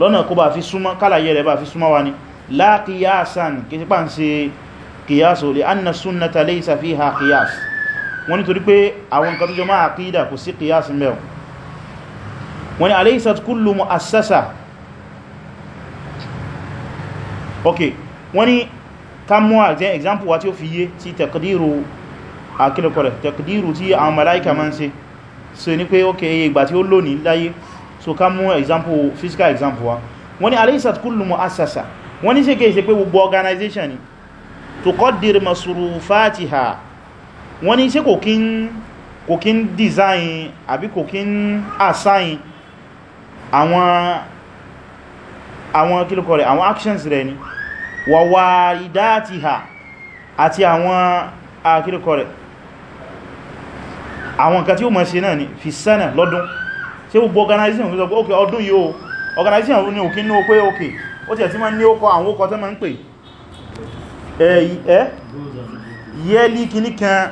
lọ́nà kó bá fi súnmọ́ kálàyé rẹ̀ bá fi súnmọ́ wa ni la qiyasan kì sí pàǹsẹ̀ qiyaso li anna sunnata laysa fiha qiyas wọ́n nítorí pé àwọn nǹkan máa àkídà kò sí qiyas mẹ́wọ̀n wọ́n ni alaysat kullu mu'assasa ok wọ́n ni ká mú example wa tí ó fi yé tí tẹ̀kìdìrù àkílẹ̀kọ̀rẹ̀ tẹ̀kìdìrù tí àwọn mẹ́láìkà máa ń ṣe so ní pé ok iye ìgbà tí ó lò ní láyé so ká example physical example wa wọ́n ni alaysat kullu mu'assasa wọ́n ni ṣe kèé ṣe pé gbogbo organization ni tuqaddir masurufatiha wọ́n ni ṣe kò kí ń design àbí kò kí ń assign àwọn àwọn kílùkọ̀ rẹ̀ àwọn actions rẹ̀ ni wà wà ìdáàtìhà àti àwọn àkílùkọ̀ rẹ̀ àwọn nǹkan tí ó mọ̀ ṣe náà ni fi sẹ́nà lọ́dún tí ó bú organization tó sọ pé ok ọdún yìí o organization ní òkín ní ó pé ok ó ti ẹ̀tí ma ní ókọ àwọn ókọ tó ma ń pè ẹ̀ yearly kìíní kan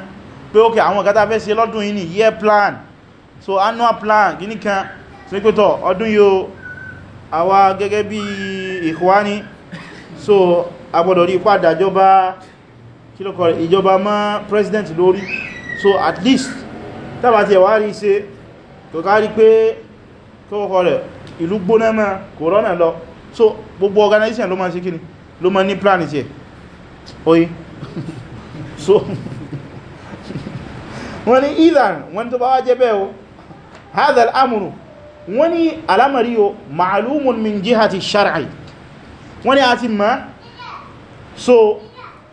pé ok àwọn nǹkan tá fẹ́ ṣe lọ́dún yìí ni year plan so annual plan kìíní kan so pé tọ́ ọdún yóò àwa gẹ́gẹ́ bí Ikhwani so agbọ́dọ̀ rí ipá dájọba kílọ̀kọ̀ ìjọba mọ́ president lórí so at least tàbà tí ẹ̀wà rí ṣe tó kárí pé kílọ̀kọ̀ rẹ̀ ìlú gbóná mọ́ corona lọ so gbogbo organization ló ma ṣe kíni ló ma ní plan ti ẹ̀ oye so wọ́n ni ilan wọ́n tó bá wá jẹ́ bẹ́ẹ̀ o hadal amuru wọ́n ní alamari yo ma'alumun min jihati shar'i wọ́n ní a ti ma so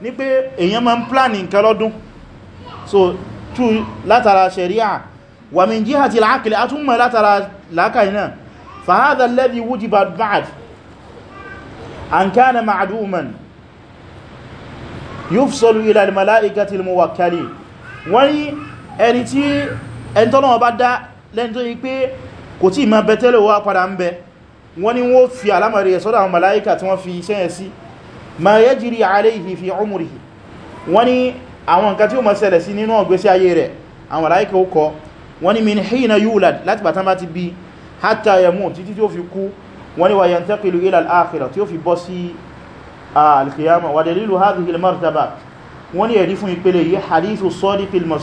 ní pé èyàn ma ń plan nǹkan lọ́dún so tú látara sharia wa min jihati al-aqli a tún ma látara lákàí náà fa hadha alladhi wujiba ba'd an kana ma'duman yufsalu ila al-mala'ikati al-muwakkalin wọ́n ní ẹni tí ẹni tọ́lọ́wọ́ bá kò tí ma bẹ tẹ́lẹ̀ wá padà ń bẹ wọ́n ni wọ́n fi alamari ẹ̀sọ́dọ̀ àwọn mala'ika tí wọ́n fi iṣẹ́ ẹ̀ sí ma yajri alayhi fi umrihi wọ́n ni àwọn nǹkan tí ó ma ṣẹlẹ̀ sí nínú ọgbẹ́sí ayé rẹ̀ àwọn mala'ika ó kọ wọ́n ni min hina yulad láti bàtán bá ti bí hatta yamut títí tí ó fi kú wọ́n ni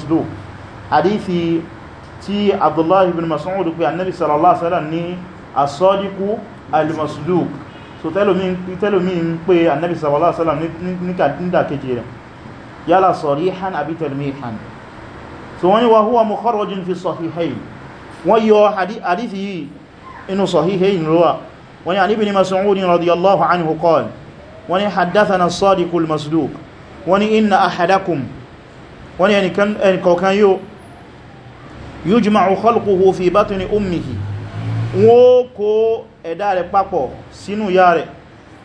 wa tí abdullahi ibn mas'ud pé annabi sallallahu alaihi wasallam ní asọ́díkú al-masluk so tẹ́lómi ń pé annabi sallallahu alaihi wasallam nídàkejì rẹ̀ yálà sarihan àbí talmihan so wọ́n ni wa huwa mukharrajun fi sahihayn wọ́n yọ hadithi yìí inú sahihayn ruwa wọ́n ni ibn mas'ud radiyallahu anhu qala wọ́n ni haddathana as-sadiqul masduq wọ́n ni inna ahadakum wọ́n ni ẹnìkọ̀ọ̀kan yóò yujma'u khalquhu fi batni ummihi wọ́n kó ẹ̀dá rẹ̀ papọ̀ sínú ya rẹ̀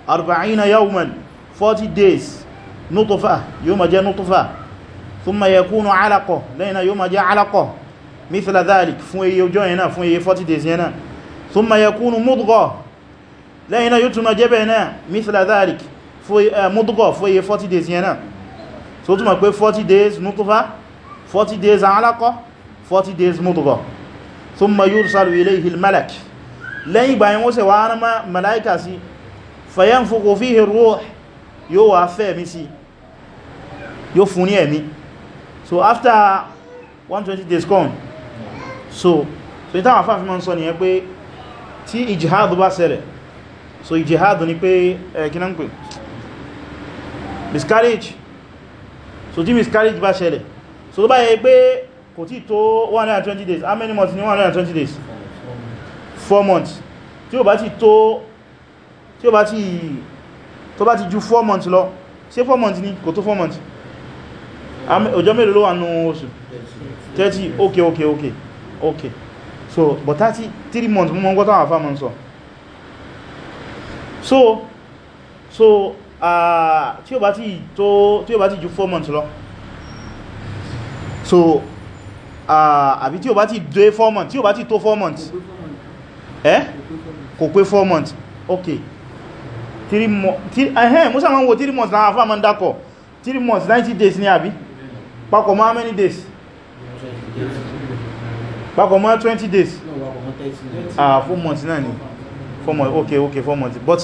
arba'ina yawman 40 days nutufa yóò ma jẹ́ nutufa thumma yakunu alaqa lẹ́yìn náà yóò ma jẹ́ alaqa mithla dhalik fún eye ọjọ́ yẹn náà fún eye 40 days yẹn náà thumma yakunu mudgha lẹ́yìn náà yóò tún ma jẹ́ bẹ̀ẹ̀ náà mithla dhalik eh, mudgha fún eye 40 days yẹn náà so túnmà pé 40 days nutufa 40 days alaqa 40 days mudghah thumma yursalu ilayhi al-malak lẹ́yìn bayan wọ́n ṣe wá rán malaika sí fayanfuqu fihi ar-ruh yóò wá fẹ́ mi sí yóò fún ní ẹ̀mí so after 120 days come so so ìtàwọn afáfí ma ń sọ nìyẹn pé tí ìjìhádù bá ṣẹlẹ̀ so ìjìhádù ni pé ẹ̀kìnà ń pè miscarriage so tí miscarriage bá ṣẹlẹ̀ so tó bá yẹ pé kò tí tó 120 days how many months ni 120 days 4 months tí ó bá ti tó tí ó bá ti tó bá ti ju 4 months lọ ṣé 4 months ni kò tó 4 months ọjọ́ mélòó ló wà nù oṣù 30 ok ok ok ok so but 30 months. months mọ́ gbọ́ta wà fáwọn sọ so so tí ó bá ti tó tí ó bá ti ju 4 months lọ so àbí tí ó bá ti dé 4 months tí ó bá ti tó 4 months ẹ́ kò pé 4 months ok 3 months ẹ̀hẹ́n musa ma ń wo 3 months láàá fà ma ń dákọ̀ 3 months 90 days ní àbí papọ̀ mọ́ how many days papọ̀ mọ́ 20 days ah 4 months náà ni 4 months ok ok 4 months but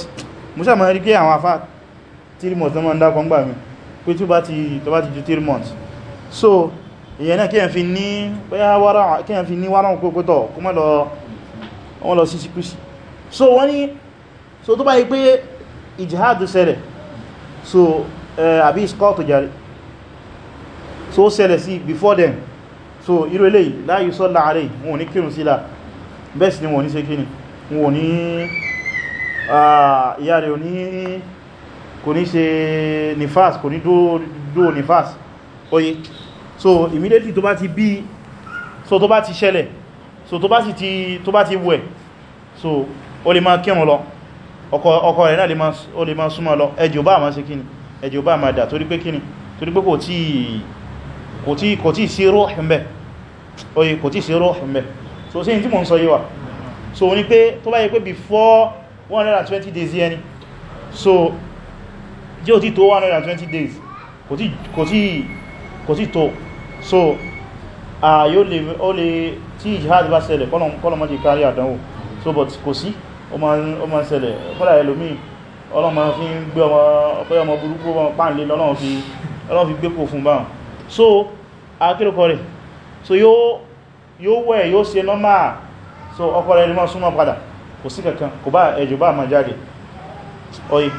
musa ma rí pé àwọn afá 3 months náà ma ń dákọ̀ ń gbà mí pé tí ó bá ti ju 3 months so ìyẹn náà kíyàn fi ní kíyàn fi ní wárán kókótọ̀ kó mọ́ lọ wọ́n lọ sí síkúsí so wọ́n ni so tó bá yí pé ìjìhádù ṣẹlẹ̀ so àbí scott jari so ṣẹlẹ̀ sí before them so irú eléyìí la yusalla alayhi wọn ní kírùn sílá bẹ́ẹ̀ sí ni wọ́n ní ṣe kíni wọ́n ní ìyá rẹ̀ kò ní ṣe nifas kò ní dó nifas oye oh, so immediately tó bá ti bí so tó bá ti ṣẹlẹ̀ so tó bá sì ti tó bá ti wẹ̀ so ó lè máa kírun lọ ọkọ rẹ̀ náà lè máa súnmọ́ lọ ẹjọ́ bá máa ṣe kíni ẹjọ́ bá máa dà torí pé kíni torí pé kò tí kò tí sí rọ́ ẹ̀mẹ́ oye kò tí sí rọ́ ẹ̀mẹ́ so sí tí mo ń sọ yíwa so ní pé tó bá yẹ pé before 120 days yẹni so jẹ́ ò tí tó 120 days kò tí tó so yóò lè ó lè tí jihad bá ṣẹlẹ̀ kọ́lọ̀mọ́dé kárí àdánwò so but kò sí ó ma ń ṣẹlẹ̀ kọ́lá ẹlòmí ọlọ́mọ fi ń gbé ọmọ burúkú ọmọ páàlé lọ́lọ́wọ́ fi gbé kò fún báwọn so akílùkọ rẹ̀ so yóò wẹ̀ yóò ṣe nọ́mà so ọkọ rẹ̀ lọ́mọ súnmọ́ padà kò sí kankan kò bá ẹjù bá ma jáde ọyí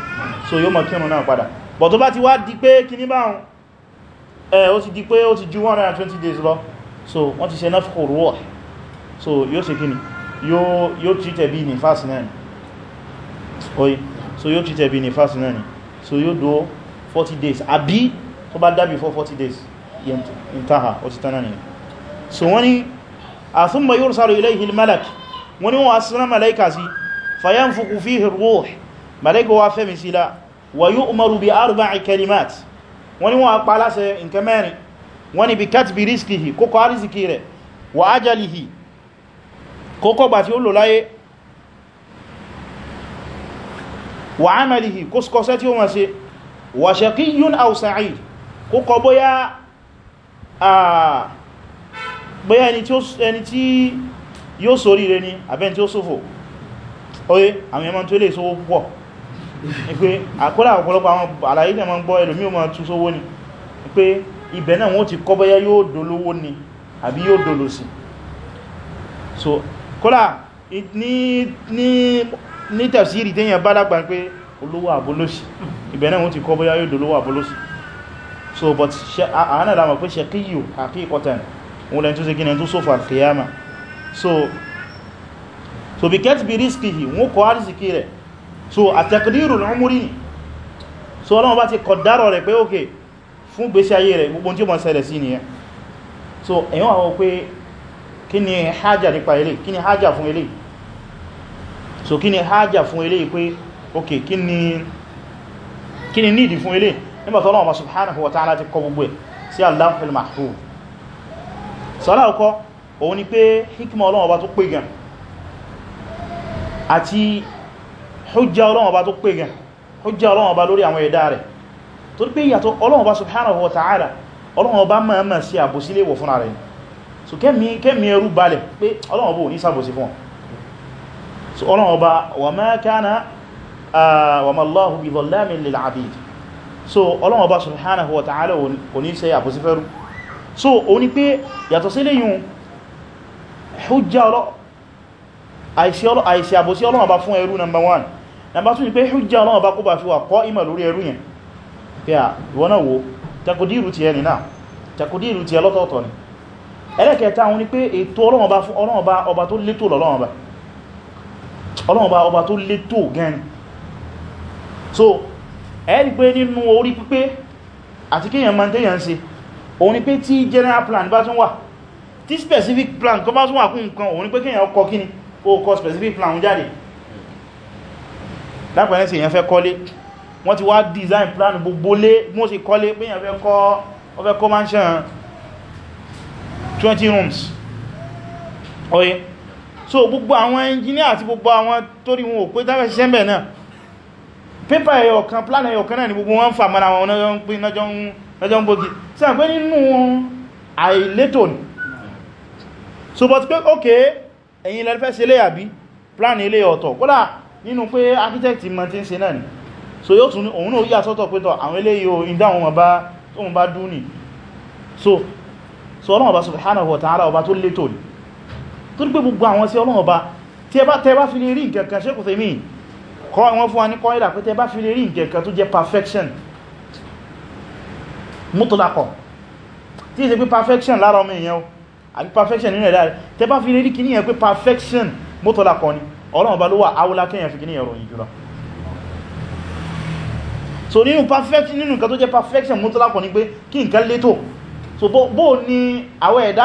so yóò mọ̀ kírun náà padà but tó bá ti wá di pé kíní báwọn Eh, ó ti di pé ó ti ju 120 days lọ so wọ́n ti ṣe nafkhu ruh so yóò ṣe kíni yóò títẹ̀ bí ní fásì náà ni oye so yóò títẹ̀ bí ní fásì náà ni so yóò do 40 days àbí tó bá dá before 40 days intaha ó ti tán náà ni so wọ́n ni thumma yursalu ilayhi al-malak wọ́n ni wọ́n asìnà malaika sí fayanfuku fihi ruh malaika wa fẹ́mi sílá wa yu'maru bi arba'i kalimat wọ́n ní wọ́n pa láṣẹ nǹkan mẹ́rin wọ́n ní bí katbi rizkihi kókọ arziki rẹ̀ wa ajalihi kókọ gbà tí ó lò láyé wa amalihi kókọsẹ́ tí ó ma ṣe wa shaqiyyun aw sa'id kókọ bóyá bóyá ẹni tí yóò sórí rẹ̀ ni àbẹ́ni tí ó àwọn ẹmọ́ tó pé àkọ́lá ọ̀pọ̀lọpọ̀ àwọn àlàyé tẹ́ ma ń gbọ́ ẹlòmí o ma tún sówó ni pé ibẹ̀ náà wọ́n ti kọ́ bẹ́yẹ yóò dolówó ni àbí yóò dolo sí so kọ́lá ní tafsiri tẹ́yàn bá lágbà pé olówó àbólóṣì ibẹ̀ náà wọ́n ti kọ́ bẹ́yẹ yóò dolówó àbólóṣì so but àánà lámà pé ṣe kíyò àkíkọtẹ̀ òun lẹ́n tó ṣe gínẹ̀ tó sófà kìyàmà so so bí kẹ́tì bí rísìkì yìí wọ́n kọ́ àrísìkì rẹ̀ so àtẹ̀kìdírù l'úmúrí so Ọlọ́run bá ti kọ̀dárọ̀ rẹ̀ pé okay fún gbésí ayé rẹ̀ gbogbo tí ó mọ̀ ṣẹlẹ̀ sí nìyẹn so èyàn àwọn pé kí ni hajjá nípa ilé kí ni hajjá fún ilé so kí ni hajjá fún ilé pé okay kí ni kí ni nídi fún ilé nígbàtí Ọlọ́run bá subhanahu wa ta'ala hujja Ọlọ́run bá tó pé gan hujja Ọlọ́run bá lórí àwọn ẹ̀dá rẹ̀ tó pé ìyàtọ̀ Ọlọ́run bá subhanahu wa ta'ala Ọlọ́run bá máa máa sí àbòsí léwọ̀ fúnra rẹ̀ so kẹ́mi ẹrú balẹ̀ pé Ọlọ́run bó ní sàbòsí fún so Ọlọ́run bá wa ma kana wa ma Allahu bi dhallamin lil abid so Ọlọ́run bá subhanahu wa ta'ala òní sẹ́ àìsí àbòsí Ọlọ́run bá fún ẹrú number one nàbá tún ní pé hujja ọlọ́wọ́ bá kó bá fi wà kọ́ ìmọ̀ lórí ẹrú yẹn pé à wọ́n wo takodiru ti ẹni náà takodiru ti ẹlọ́tọ̀ọ̀tọ̀ ni ẹlẹ́kẹta wọn ni pé ètò ọlọ́wọ́ ọba tó létò lọ́lọ́wọ́ so ẹ̀rí pé nínú orí pípé àti kíyàn ma ń tẹ́yàn ṣe òun ni pé tí general plan bá tún wà tí specific plan kọ bá tún wà kún nǹkan òun ni pé kíyàn kọ kíni ó kọ specific plan jáde lápẹ̀ẹ́ sí èyàn fẹ́ kọ́lé wọ́n ti wá design plan gbogbo lé mọ́ sí kọ́lé pé èyàn fẹ́ kọ́ ó fẹ́ kọ́ mansion 20 rooms oye so gbogbo àwọn engineer àti gbogbo àwọn torí wọn ò pé tàbí ṣiṣẹ́ mẹ́ náà pépà ẹ̀yọ̀ kan plan ẹ̀yọ̀ kan náà ni gbogbo wọn fà mara wọn lọ́jọ́ ń gbógi sí àpẹ́ nínú àìlétò ni so but pé ok ẹ̀yin lẹ́fẹ́ sí ilé àbí plan ilé ọ̀tọ̀ kódà nínú pé architect ma ti ń ṣe náà ni so yóò tún òun náà yà sọ́tọ̀ pẹ́tọ̀ àwọn eléyìí o ìdá wọn tó wọn bá dún ní so so Ọlọ́run Ọba subhanahu wa ta'ala ọba tó létò ní tó ní pé gbogbo àwọn sí Ọlọ́run Ọba tẹ́bá fi lè rí nǹkankan ṣe kò tẹ́ perfection mutlaqo tí ìsẹ́ pé perfection lára ọmọ èèyàn àbí perfection nínú ẹ̀dá rẹ̀ tẹ́bá fi lè rí kì ní perfection mutlaqo ọlọ́run bá ló wà áwúlá kíyàn fi kíní ẹ̀rọ ìjúra so nínú perfection nínú nǹkan tó jẹ́ perfection mútúlákọ̀ ní pé kí nǹkan létò so bó ní àwọn ẹ̀dá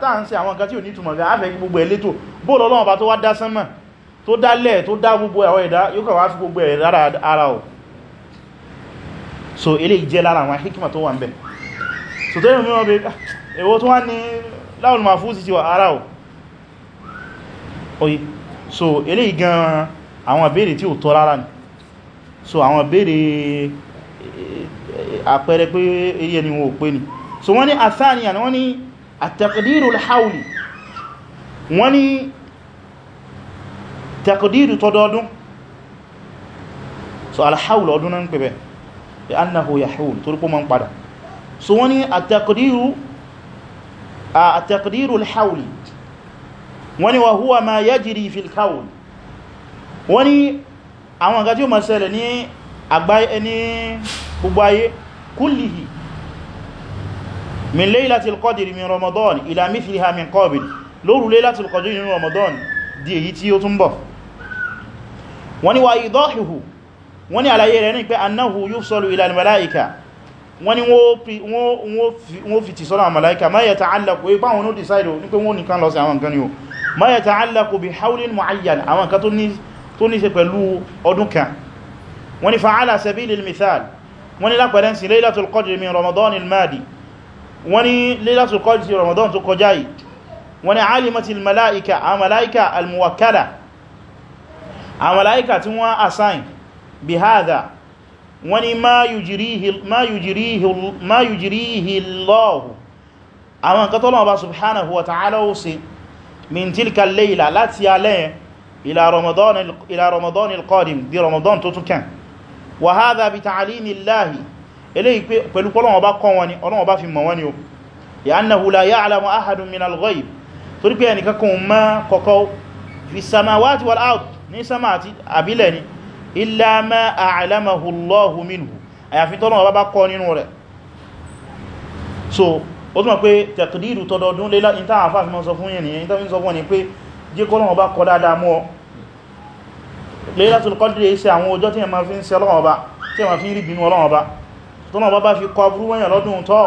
tàà ń ṣe àwọn nǹkan tí ò ní túnmọ̀ rẹ̀ áfẹ́ gbogbo ẹ̀ létò bó lọ́lọ́run bá tó wá dá sánmà tó dá lẹ̀ tó dá gbogbo so eléyìí jẹ́ lára àwọn hikima tó wà so tẹ́lẹ̀ mìíràn bẹ ah, èwo tó wá ní láwọn so eléyìí gan àwọn ìbéèrè tí ò tọ́ rárá ni so àwọn ìbéèrè eh, àpẹẹrẹ pé iye ni wọn ò pé ni so wọ́n ní àtàníyàn wọ́n ní àtàkìdírù l'áwùlì wọ́n ní tàkìdírù tọdọọdún so alhaul ọdún náà ń pẹ̀bẹ̀ annahu yahul torí kó ma ń padà so wọ́n ní àtàkìdírù ah, l'áwùlì wọ́n ni wa huwa ma yajri fil kawn wọ́n ni àwọn ǹkan tí ó ma ṣẹlẹ̀ ní àgbáyé ní gbogbo ayé kullihi min laylatil qadri min ramadan ila mithliha min qabil lóru laylatil qadri min ramadan di èyí tí ó tún bọ̀ wọ́n ni wa idahuhu wọ́n ni àlàyé rẹ̀ ní pé annahu yufsalu ila al malaika wọ́n ni wọ́n fi tìsọ́nà malaika ma yata'allaqu pé báwọn ó dìsáìdò ní pé wọ́n nìkan lọ sí àwọn nǹkan ni o ma yata'allaqu bi hawlin mu'ayyan àwọn kan tó ní ṣe pẹ̀lú ọdún kan wọ́n ní fa'ala sabilil mithal wọ́n ní lápẹ̀rẹ́ sí laylatul qadr min ramadan al-madi wọ́n ní laylatul qadr sí ramadan tó kọjá yìí wọ́n ní alimatil mala'ika a mala'ika al a mala'ika tí wọ́n assign bi hadha wọ́n ní ma yujirihi ma yujirihi ma yujirihi Allah àwọn kan tó lọ́wọ́ bá subhanahu wa ta'ala ó ṣe min tilka leila láti alẹ́ ila ramadan ila ramadan alqadim di ramadan tó tún kàn wa hadha bi ta'limi allah eléyìí pé pẹ̀lú pé Ọlọ́run bá kọ́ wọn ni Ọlọ́run bá fi mọ̀ wọ́n ni o ya annahu la ya'lamu ahadun min alghayb torí pé ẹnìkan kan ma kọ́kọ́ fi samawati wal ard ní sama àti abile ni illa ma a'lamahu allah minhu àyàfi tọ́lọ́run bá kọ́ nínú rẹ̀ so ó túnmọ̀ pé tẹ̀kìdìrù tọdọọdún lélá ìta àfáà fi mọ́ sọ fún ènìyàn ìta fi ń sọ fún ẹni pé jẹ́ kọ́lọ̀wọ̀ bá kọ dáadáa mọ́ Laylatul Qadr ṣe àwọn ọjọ́ tí ẹ̀mà fi ń ṣe Ọlọ́run Ọba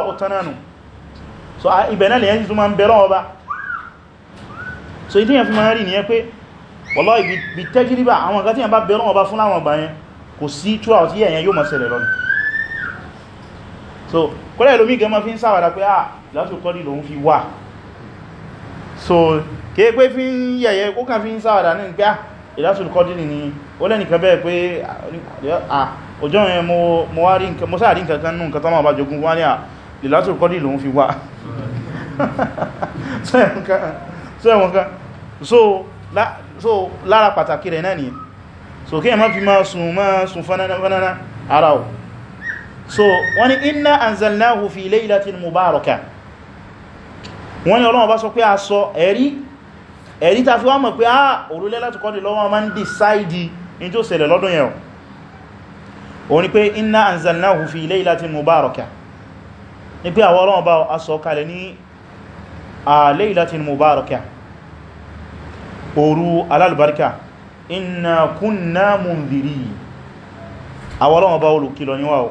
tí so ibẹ̀ náà lèyẹn tó máa so ìdí yẹn fi máa rí wallahi ibi tẹ́jìríbà àwọn nǹkan tí yẹn bá bẹ̀rọ ọba fún láwọn ọgbà yẹn kò sí throughout yẹn yóò mọ̀ ṣẹlẹ̀ lọ́nà so kọ́lẹ̀ mi gẹ́mọ́ fi ń sáwàdà pé ah látò kọ́dì lòun fi wà so kéé pé fi ń yẹ̀yẹ ó kàn fi ń sáwàdà ní pé ah, ìlátò kọ́dì ní ó lẹ́nìkan bẹ́ẹ̀ pé ah, ọjọ́ yẹn mo sáàrí nǹkan kan nù nǹkan tánmà bá jogun ah, wá so ẹ̀wọ̀n so lára pàtàkì rẹ̀ náà so kí ẹ̀mọ́ fi máa sùn máa sùn fanáná ara so wọ́n ni inna anzalnahu fi laylatin mubarakah wọ́n ní Ọlọ́run bá sọ pé a sọ ẹ̀rí ẹ̀rí ta fi wá mọ̀ pé ah, a òrùlé láti kọ́ dì lọ́wọ́ ma ń dì sáìdì in tó ṣẹlẹ̀ lọ́dún yẹn o ní pé inna anzalnahu fi laylatin mubarakah ní pé àwọn Ọlọ́run bá a sọ kalẹ̀ ní a laylatin mubarakah òru alálùbáríkà inna kunna mundhiri àwọn Ọlọ́run bá olùkìlọ̀ níwá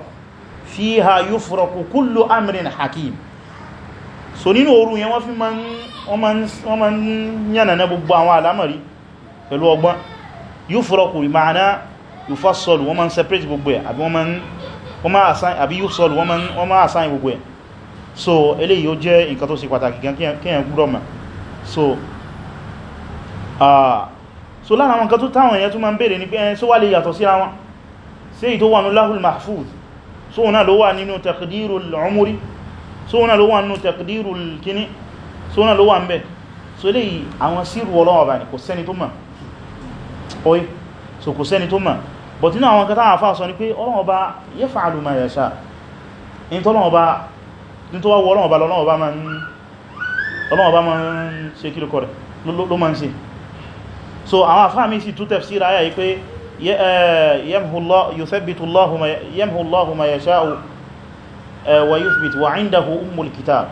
so nínú òru yẹn wọ́n fi wọ́n ma ń yànà ní gbogbo àwọn alamari pẹ̀lú ọgbọ́n yufraqu ìmáàná yufassal wọ́n ma ń separate gbogbo ẹ̀ àbí yufsal wọ́n ma assign gbogbo ẹ̀ so eléyìí ó jẹ́ nǹkan tó ṣe pàtàkì gan kíyàn gbúrọ̀ sóhùnà ló wà nínú tẹ̀kìdírù kìíní sóhùnà ló wà ń bẹ̀ so lè yí àwọn sírù ọlọ́wọ̀ bá ní kò sẹ́ni tó mà oye so kò sẹ́ni tó mà but nínú àwọn kẹta àfáà sọ ní pé ọlọ́wọ̀ bá yẹ fa'alu ma yasha in tó wọ ọlọ́wọ̀ bá lọ́wọ̀ bá ma ń ṣe kí lókọ̀ rẹ̀ ló eh, ma ma yasha'u wa yuthbit wa indahu ummul kitab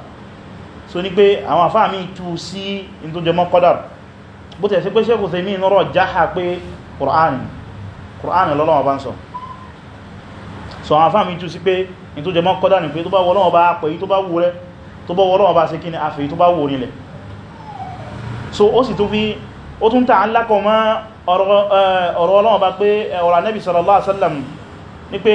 so ní pé àwọn àfáà mi tú sí in tó jẹmọ́ qadar bó tẹ̀ sí pé Shaykh Uthaymeen rọ̀ jáhà pé Qur'an Qur'an lọ́lọ́wọ́ bá ń sọ so àwọn àfáà mi tú sí pé in tó jẹmọ́ qadar ní pé tó bá wọ́lọ́wọ́ bá pẹ̀ tó bá wù rẹ tó bá wọ́lọ́wọ́ bá sí kí ni àfẹ́ tó bá wù nílẹ̀ so ó sì tún fi ó tún tàà lákọ̀ mọ́ ọ̀rọ̀ Ọlọ́run bá pé ọ̀rọ̀ Ànábì sallallahu alaihi wasallam ní pé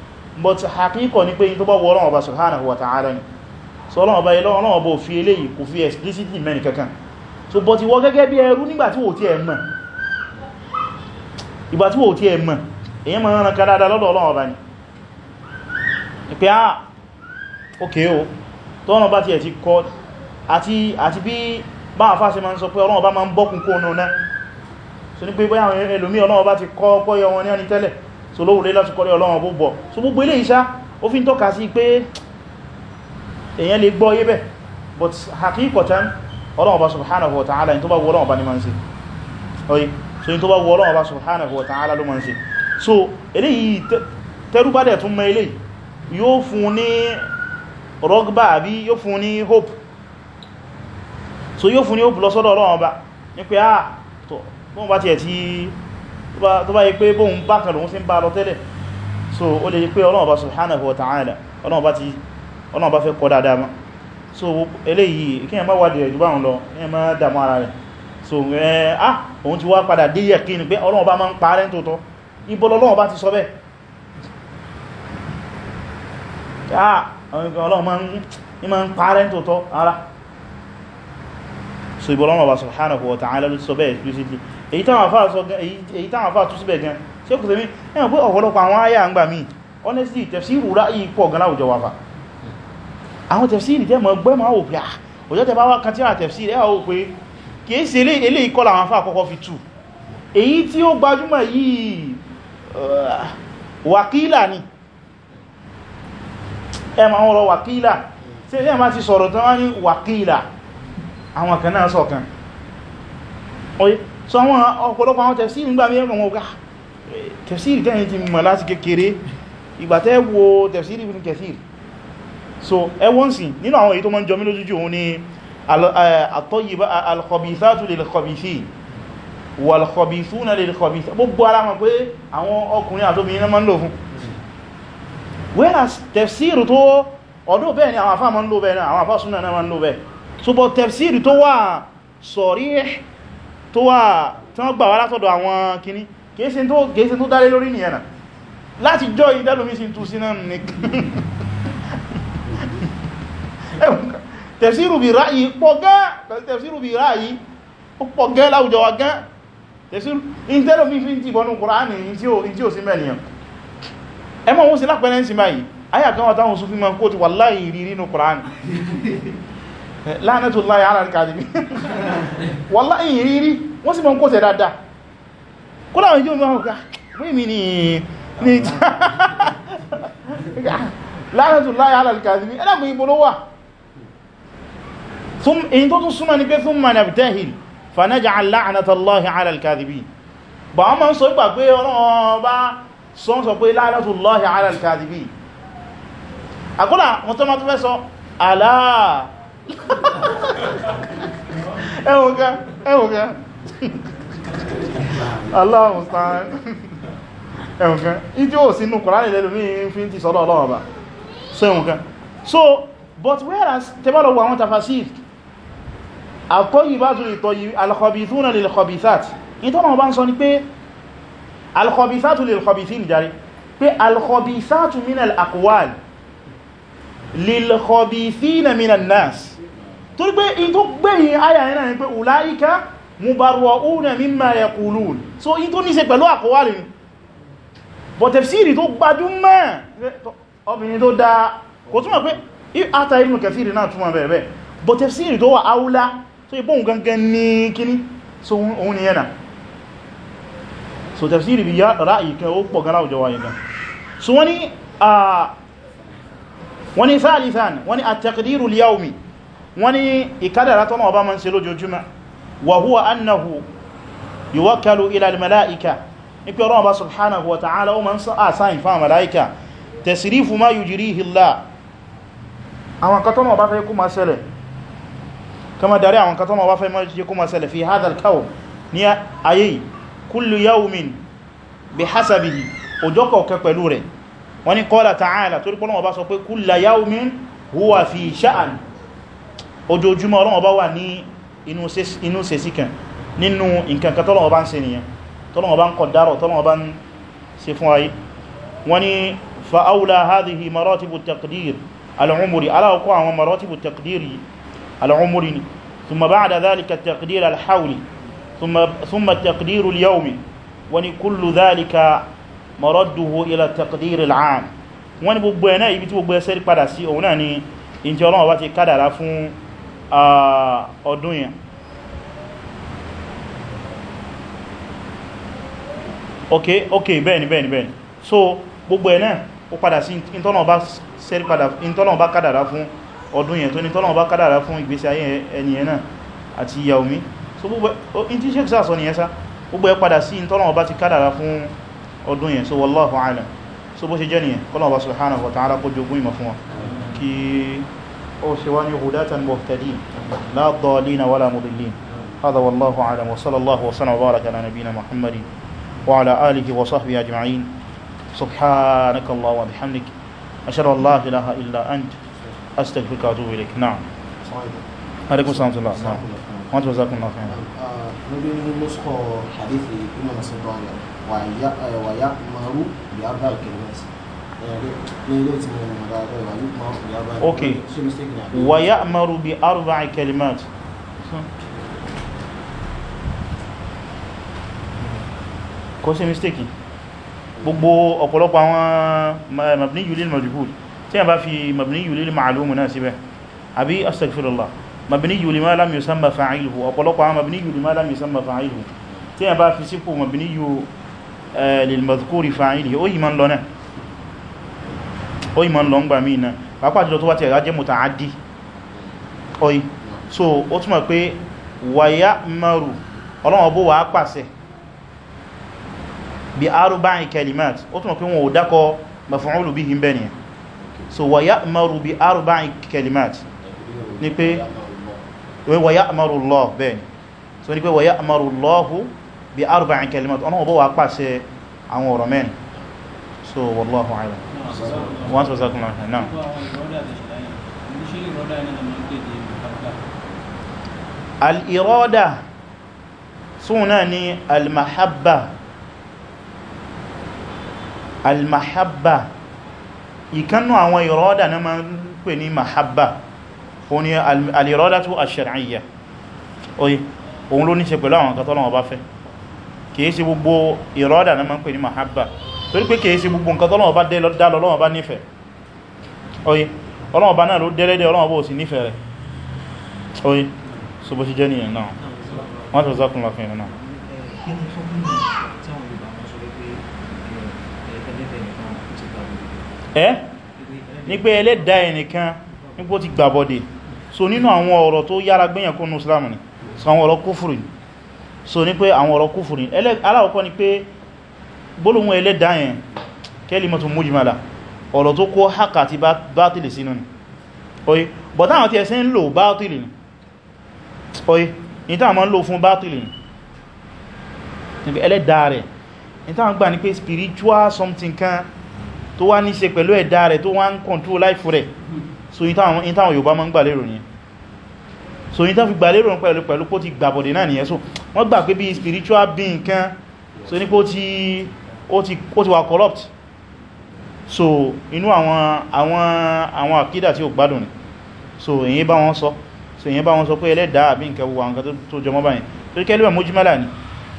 but hakíkọ̀ ní pé in tó bá wọ́n ọba subhanahu wa ta'ala ni so ọlọ́wọ́ bá ilọ́ ọlọ́wọ́ bó fi eléyìí kò fi explicitly mẹ́rin kankan so but ìwọ gẹ́gẹ́ bí ẹrú nígbàtí wò tí ẹ mọ̀ ìgbàtí wò tí ẹ mọ̀ èyí mọ̀ rán kan dáadáa lọ́dọ̀ ọlọ́wọ́ bá ni pé á ah, òkè o tó ọ̀nà bá ti ẹ̀ ti kọ àti àti bí bá àfáṣe ma ń sọ pé ọlọ́wọ́ bá ma ń bọ́kùn kó náà so ní pé bóyá àwọn ẹlòmí ọlọ́wọ́ bá ti kọ́ pọ́yọ wọn ní ọ́ni tẹ́lẹ̀ so lówó lé láti kọ́lé ọlọ́wọ́n bó bọ̀ so gbogbo ilé iṣá ó fi ń tọ́ka sí pé èyàn lè gbọ́ yébẹ̀ but hakikotan ọlọ́wọ́n bá subhanahu wa ta'ala in tó bá wọ́ ọlọ́wọ́n bá ní ma ń ṣe oye so in tó bá wọ́ ọlọ́wọ́n bá subhanahu wa ta'ala ló ma ń ṣe so eléyìí tẹrúbádẹ̀ tún mọ ilé yóò fún ní rọgbà àbí yóò fún ní hope so yóò fún ní hope lọ sọ́dọ̀ ọlọ́wọ́n bá ní pé ah tó bọ́n bá tiẹ̀ ti tó bá yí pé bóhun bákan lòun sí ń bá lọ tẹ́lẹ̀ so ó lè yí pé Ọlọ́run bá subhanahu wa ta'ala Ọlọ́run bá fẹ́ kọ dáadáa so eléyìí kí ẹ má wà dìrẹ̀ jù bá ń lọ ẹ má so ẹ ah òun ti wá padà dé yẹ̀ kí ni pé Ọlọ́run bá máa ń parẹ́ tótọ́ ibo lỌlọ́run bá ti sọ bẹ́ẹ̀ ah Ọlọ́run máa ń parẹ́ tótọ́ ara so ibo lỌlọ́run bá subhanahu wa ta'ala ló sọ èyí táwọn àfáà tú síbẹ̀ gan ṣe kò tẹ́mí ẹ̀yàn pé ọ̀pọ̀lọpọ̀ àwọn ayà ń gbà mí honestly tẹ̀fsíìrù ráyí pọ̀ gan láwùjọ wáfà àwọn tẹ̀fsíìrì tẹ́ mọ̀ gbẹ́mọ̀ àwò pé òjò ah, tẹ́ bá wá kan tí àwọn tẹ̀fsíìrì àwò pé kìí ṣe ilé ìkọ́ làwọn afá àkọ́kọ́ fi tú èyí tí ó gbajúmọ̀ yìí uh, wàkílà ni ẹ ma ń rọ wàkílà tí ẹ ma ti sọ̀rọ̀ tán wá ní wàkílà àwọn kan náà sọ̀kan oye so àwọn ọ̀pọ̀lọpọ̀ àwọn tẹ̀sí nígbà mí ẹ̀kọ̀ wọn ah, tẹ̀sí ìtẹ́yìn ti mọ̀ láti kékeré ìgbàtẹ́ wo tẹ̀sí ìrìn kẹsí so ẹwọ́n sí nínú àwọn èyí tó mọ́n jọmí lójújú òun ni al-khabithatu lil-khabithin wal-khabithuna lil-khabithat gbogbo ara mọ̀ pé àwọn ọkùnrin àtóbìnrin náà mọ́ ń tó ọdún bẹ́ẹ̀ ni àwọn afá mọ́ ń lò bẹ́ẹ̀ náà àwọn afá súnà náà mọ́ ń lò bẹ́ẹ̀ so but tẹ̀síìrì tó wà sọ̀rí tó wà tí wọ́n gbà wá látọ̀dọ̀ àwọn kìíní kèése tó dálé lórí nìyẹn náà láti jọ ìdálómi sí tú sí náà ní tẹ̀sírù bí ráyí pọ̀ gán tẹ̀sírù bí ráyí ó pọ̀ gán láwùjọ wa gán tẹ̀sírù ìdálómi fi ti bọnú kùránì tí ó sí mẹ́niyàn ẹmọ́ wọn sí lápẹ́lẹ́ sí báyìí ayà kan wà táwọn sún fi mọ́ kó ti lánàtùláyà alàríkàdìmí wọ́lá ìrírí wọ́n sì mọ́ kó tẹ̀ dáadáa kó láwọn ìjọ́ mọ́ ọ̀gá wíìmí ni ní lánàtùláyà alàríkàdìmí ẹlẹ́gbẹ̀ ibo ló wà in tó tún súnmọ́ ní pé fún manabtahil fanaja'al la'natallahi alàríkàdìmí ba wọ́n ma ń sọ ìgbà pé ọlọ́run bá sọ pé lánàtùláyà alàríkàdìmí àkọ́lá wọn tó má tó fẹ́ sọ aláà ẹwọ̀n ká ẹwọ̀n ká Allahu musta'an ẹwọ̀n ká ìdí ò sínú Kùránì lẹ́lú ní infinity sọ́dọ̀ Ọlọ́run Ọba so ẹwọ̀n ká so but whereas tẹbọ́lọ̀ wọ àwọn tafasir al-tayyibatu al-khabithuna lil-khabithat ìtọ́nà ọba ń sọ ni pé al-khabithatu lil-khabithin jari pé al-khabithatu min al-aqwal lil nas torí pé in tó gbẹ̀yìn ayà yẹn náà pé ulaika mubarra'una mimma yaqulun so in tó ní ṣe pẹ̀lú àkọwàlì ni but tafsiri tó gbajúmọ̀ obìnrin tó dá kò túnmọ̀ pé ata ibn kathiri náà túnmọ̀ bẹ̀rẹ̀ but tafsiri tó wà so òun ni so tafsiri bí ra'ayi kan ó pọ̀ gan so wani wani وني wani at-taqdiru al-yawmi wọ́n ní ìkádàrá tọ́nà ọba ma ń ṣe lójoojúmọ́ wa huwa annahu yuwakkalu ila al-mala'ika ní pé ọlọ́ọ̀bá subhanahu wa ta'ala o ma ń sọ àsáyìn ah, fáwọn mala'ika tasrifu ma yujrihi Allah àwọn katọ́nà àwọn katọ́nà ọba fẹ́ kú ma ṣẹlẹ̀ ojoojúmọ́ Ọlọ́run bá wà ní inú sẹ́sí kan nínú nǹkan kan tọ́lọ́run bá ń ṣe nìyàn tọ́lọ́run bá ń kọ̀dárọ̀ tọ́lọ́run bá ń ṣe fún ayé wọ́n ni fa'aula hadhihi maratibu taqdir al'umuri aláwọ̀kọ́ àwọn maratibu taqdir al'umuri ni thumma ba'da dhalika taqdir al-hawli thumma taqdir al-yawmi wani kullu dhalika maradduhu ila taqdir al-'am wani gbogbo ẹ̀nà ibi tí gbogbo ẹsẹ́ padà sí òun náà ni in ti Ọlọ́run bá ti kádàrá fún ọdún yẹn ok ok bẹ́ẹ̀ni bẹ́ẹ̀ni bẹ́ẹ̀ni so gbogbo ẹ̀ náà ó padà sí ìtọ́nà bá kádàrá fún ọdún yẹn tó ní tọ́nà bá kádàrá fún ìgbésí ayé ẹniyẹn náà àti ìyà omi so gbogbo in tí sheik sáàsọ ni ẹsá gbogbo ẹ padà sí ìtọ́nà bá ti kádàrá fún ọdún yẹn so wallahu alam so bó ṣe jẹ́ nìyẹn kọ́nà bá subhanahu wa ta'ala kó jogún ìmọ̀ fún wa kí أوصواني غلاة مهتدين لا ضالين ولا مضلين هذا والله أعلم وصلى الله وسلم وبارك على نبينا محمد وعلى آله وصحبه أجمعين سبحانك الله وبحمدك أشهد الله لا إله إلا أنت أستغفرك وأتوب إليك نعم عليكم السلام ورحمة الله نعم وأنتم جزاكم الله خيرا نبي نسخ حديث الإمام الصدوق ويأمر بأربع كلمات okay wa ya'maru bi arba'i kalimat kò sí mistake gbogbo ọ̀pọ̀lọpọ̀ àwọn mabni yulil majhul tí a bá fi mabni yulil ma'lumu náà síbẹ̀ àbí astaghfirullah mabni yulil ma lam yusamma fa'iluhu ọ̀pọ̀lọpọ̀ àwọn mabni yulil ma lam yusamma fa'iluhu tí a bá fi sípò mabni yulil eh, madhkuri fa'iluhu ó yìí ma ń lọ náà ó ìmọ̀ lọ ń gbà mí náà pàápàá jùlọ tó bá ti ẹ̀rá jẹ́ muta'addi ọ̀yí so ó túnmọ̀ pé wàyá maru ọlọ́wọ́ bó wà á pàṣẹ bí arúbáyìn kelimat ó túnmọ̀ pé wọn ò dákọ maf'ulu bihi bẹ́ ni so wàyá maru bí arúbáyìn kelimat ni pé wàyá maru lọ so ni pé wàyá maru lọ́hu bí arúbáyìn kelimat ọlọ́wọ́ bó wà á so wallahu a'lam wọ́n tó sọ́kùnmọ̀ rẹ̀ náà al-irada suna ni al-mahabba al-mahabba ìkannú àwọn ìrọ́dà na ma ń pè ní mahabba òun ni al-irada tó ash-shar'iyya oye òun ló ní ṣe pẹ̀lú àwọn katọ́lọ́wọ́ bá fẹ́ kìí ṣe gbogbo ìrọ́dà na ma ń pè mahabba torí pé kèèsí gbogbo nǹkan tọ́lọ́wọ́ bá dá lọ́wọ́ bá nífẹ̀ẹ́ oye ọlọ́wọ́ bá náà ló dẹ́lẹ́dẹ́ ọlọ́wọ́ bó sì nífẹ̀ẹ́ rẹ̀ oye so bó ṣe jẹ́ nìyẹn náà wọ́n tẹ̀lẹ̀ zákùn láfin rẹ̀ náà ẹ́ ní pé ẹlẹ́dà ẹnìkan nípò ti gbàbọ̀dè so nínú àwọn ọ̀rọ̀ tó yára gbéyàn kó nù Islam ni so àwọn ọ̀rọ̀ kúfùrù so ní pé àwọn ọ̀rọ̀ kúfùrù aláwọ̀kọ́ ni pé gbólóhùn ẹlẹ́dàá yẹn kalimatu mujmala ọ̀rọ̀ tó kó haka àti bátìlì sínú ni oye but àwọn tí ẹsẹ́ ń lò bátìlì ni oye ní tàà ma ń lò fún bátìlì ni níbi ẹlẹ́dàá rẹ̀ ní tàà gbà ní pé spiritual something kan tó wá ní ṣe pẹ̀lú ẹ̀dá rẹ̀ tó wá ń control life rẹ̀ so ní táwọn Yorùbá ma ń gbà lérò nìyẹn so ní tàà fi gbà lérò pẹ̀lú pẹ̀lú pó ti gbàbọ̀dẹ̀ náà nìyẹn so wọ́n gbà pé bí spiritual being kan so ní pó ti ó ti wà corrupt so inú àwọn àwọn àwọn àkídà tí ó gbádùn ni so èyí bá wọn sọ so èyí bá wọn sọ pé ẹlẹ́dàá àbí nǹkan wà nǹkan tó jọmọ́ báyìí tó kẹ́lùmọ̀ mujmala ni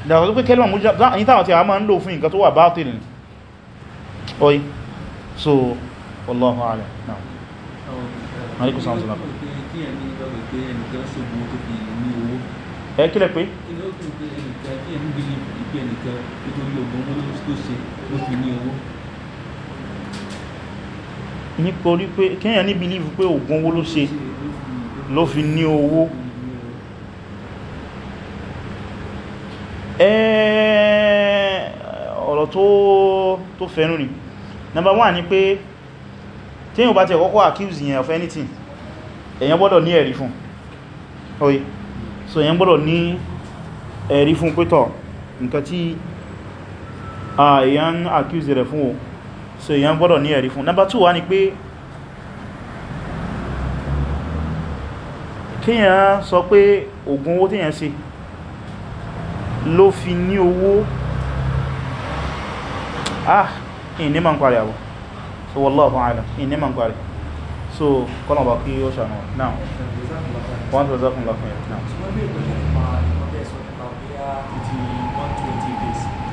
dàgbà tó pé kẹ́lùmọ̀ mujmala ní táwọn tí a máa ń lò fún nǹkan tó wà bátil ni so wallahu a'lam náà malik usman sọ lápá ẹ kílẹ̀ pé pé ẹnìkan nítorí ogun owó tó ṣe ló fi ní owó nítorí pé kíyàn ní bílífù ogun owó ló ṣe ló fi ní owó ọ̀rọ̀ tó fẹ́nu rí number one ni pé tíyàn bá ti ọkọ́kọ́ accuse yẹn of anything èyàn gbọ́dọ̀ ní ẹ̀rí fún oye so èyàn gbọ́dọ̀ ní ẹ̀rí fún pẹ́tọ̀ọ́ nǹkan tí èyàn ń accuse rẹ̀ fún o so èyàn gbọ́dọ̀ ní ẹ̀rí fún number two wá ni pé kíyàn sọ pé ògùn owó tíyàn ṣe ló fi ní owó ah ìní ma ń parí àwọ̀ so wallahu a'lam ìní ma ń parí so kọ́nà bá kí ó ṣànà náà wọ́n tó zákùn láfún ẹ̀ náà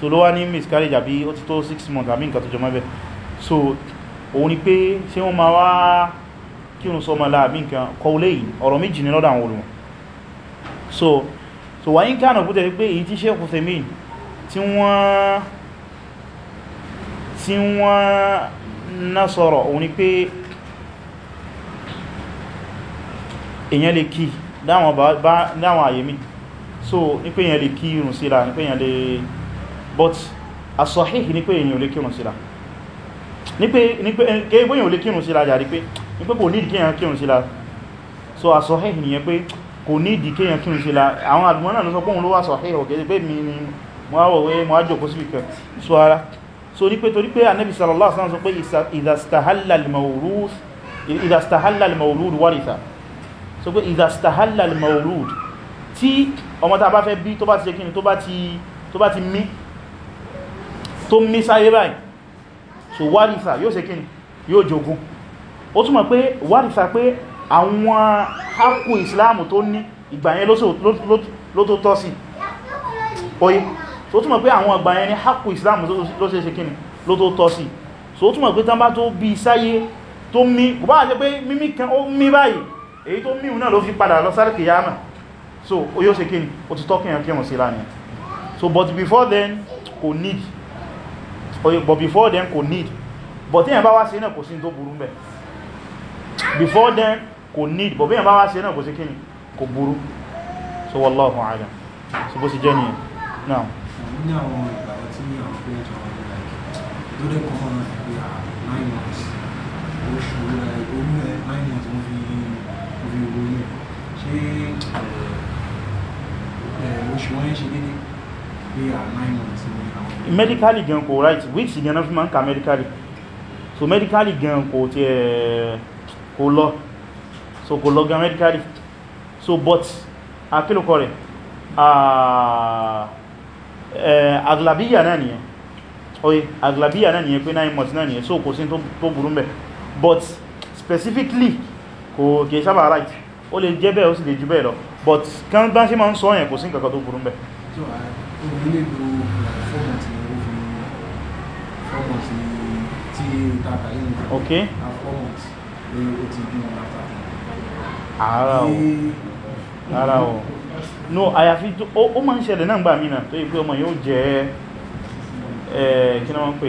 so ló wá ní miscarriage àbí ó ti tó 6 months àbí nǹkan tó jọmọ́ bẹ́ so òun ni pé ṣé wọ́n máa wá kí o sọ mọ́lá àbí nǹkan kọulé yìí ọ̀rọ̀ méjì ní lọ́dọ̀ àwọn olùmọ̀ so so wáyín kánà kú tẹ̀lé pé èyí tí Sheikh Uthaymeen tí wọ́n tí wọ́n ná sọ̀rọ̀ òun ni pé èyàn lè kí dáwọn àyèmí so ní pé èyàn lè kí irun síra ní pé èyàn lè but as-sahih ní pé èyàn ò lè kírùn sílá ní pé kéègbé èyàn eh, ò lè kírùn sílá jàrí pé ní pé kò ní ìdíkéyàn kírùn sílá so as-sahih nìyẹn pé kò ní ìdíkéyàn kírùn sílá àwọn àdúgbọ́n náà ló sọ pọ́n ló wà sahih ọ̀kẹ́ pé mi ni mọ́wọ́wẹ́ mọ́wájòkó sí ìkẹ́ so ara so ní pé torí pé Ànábì sallallahu alaihi wasallam sọ pé idha istahalla al-mawlud idha istahalla al-mawlud waritha so pé idha istahalla al-mawlud tí ọmọ tá bá fẹ́ bí tó bá ti jẹ́ kíni tó bá ti mí tó mí sáyé báyìí so wárífà yóò ṣe kíni yóò jogun ó túnmọ̀ pé wárífà pé àwọn hákù ìsìláàmù tó ní ìgbàyẹn ló tó tọ́ sí oye so ó túnmọ̀ pé àwọn ìgbàyẹn ní hákù ìsìláàmù ló ṣe ṣe kíni ló tó tọ́ sí so ó túnmọ̀ pé tán bá tó bí sáyé tó mí kò bá jẹ́ pé mímí kan ó mí báyìí èyí tó míhun náà ló fi padà lọ sáré kìyàmà so ó yóò ṣe kíni ó ti tọ́kìyàn kí wọ́n sí lánìí so but before then kò need but before then kò need but tí yẹn bá wá ṣe náà kò sí tó burú mẹ́ before then kò need but bí yẹn bá wá ṣe náà kò sí kíni kò burú so wallahu a'lam so bó sì jẹ́ nìyẹn now ní àwọn ìgbàgbọ́ tí ní àwọn pé ẹjọ́ wọn oṣù oyún ẹ ṣe dédé pé à nine months medically gan kò right weeks gan náà fi ma ń ka medically so medically gan kò tí ẹ̀ kò lọ so kò lọ gan medically so but akílùkọ rẹ̀ aglabiya náà nìyẹn oye aglabiya náà nìyẹn pé 9 months náà nìyẹn so kò sí tó burú mẹ́ but specifically kò kìí sábà right ó lè jẹ́ bẹ́ẹ̀ ó sì lè jù bẹ́ẹ̀ lọ but kan bá ṣe ma ń sọ yẹn kò sí nǹkan tó burú mẹ́ four months ni tí ìtàkà yìí ní okay na four months ni ó ti bí wọn láta ara o ara o no àyàfi ó máa ń ṣẹlẹ̀ náà gbà mí náà tó yí pé ọmọ yóò jẹ́ kí ni wọ́n pè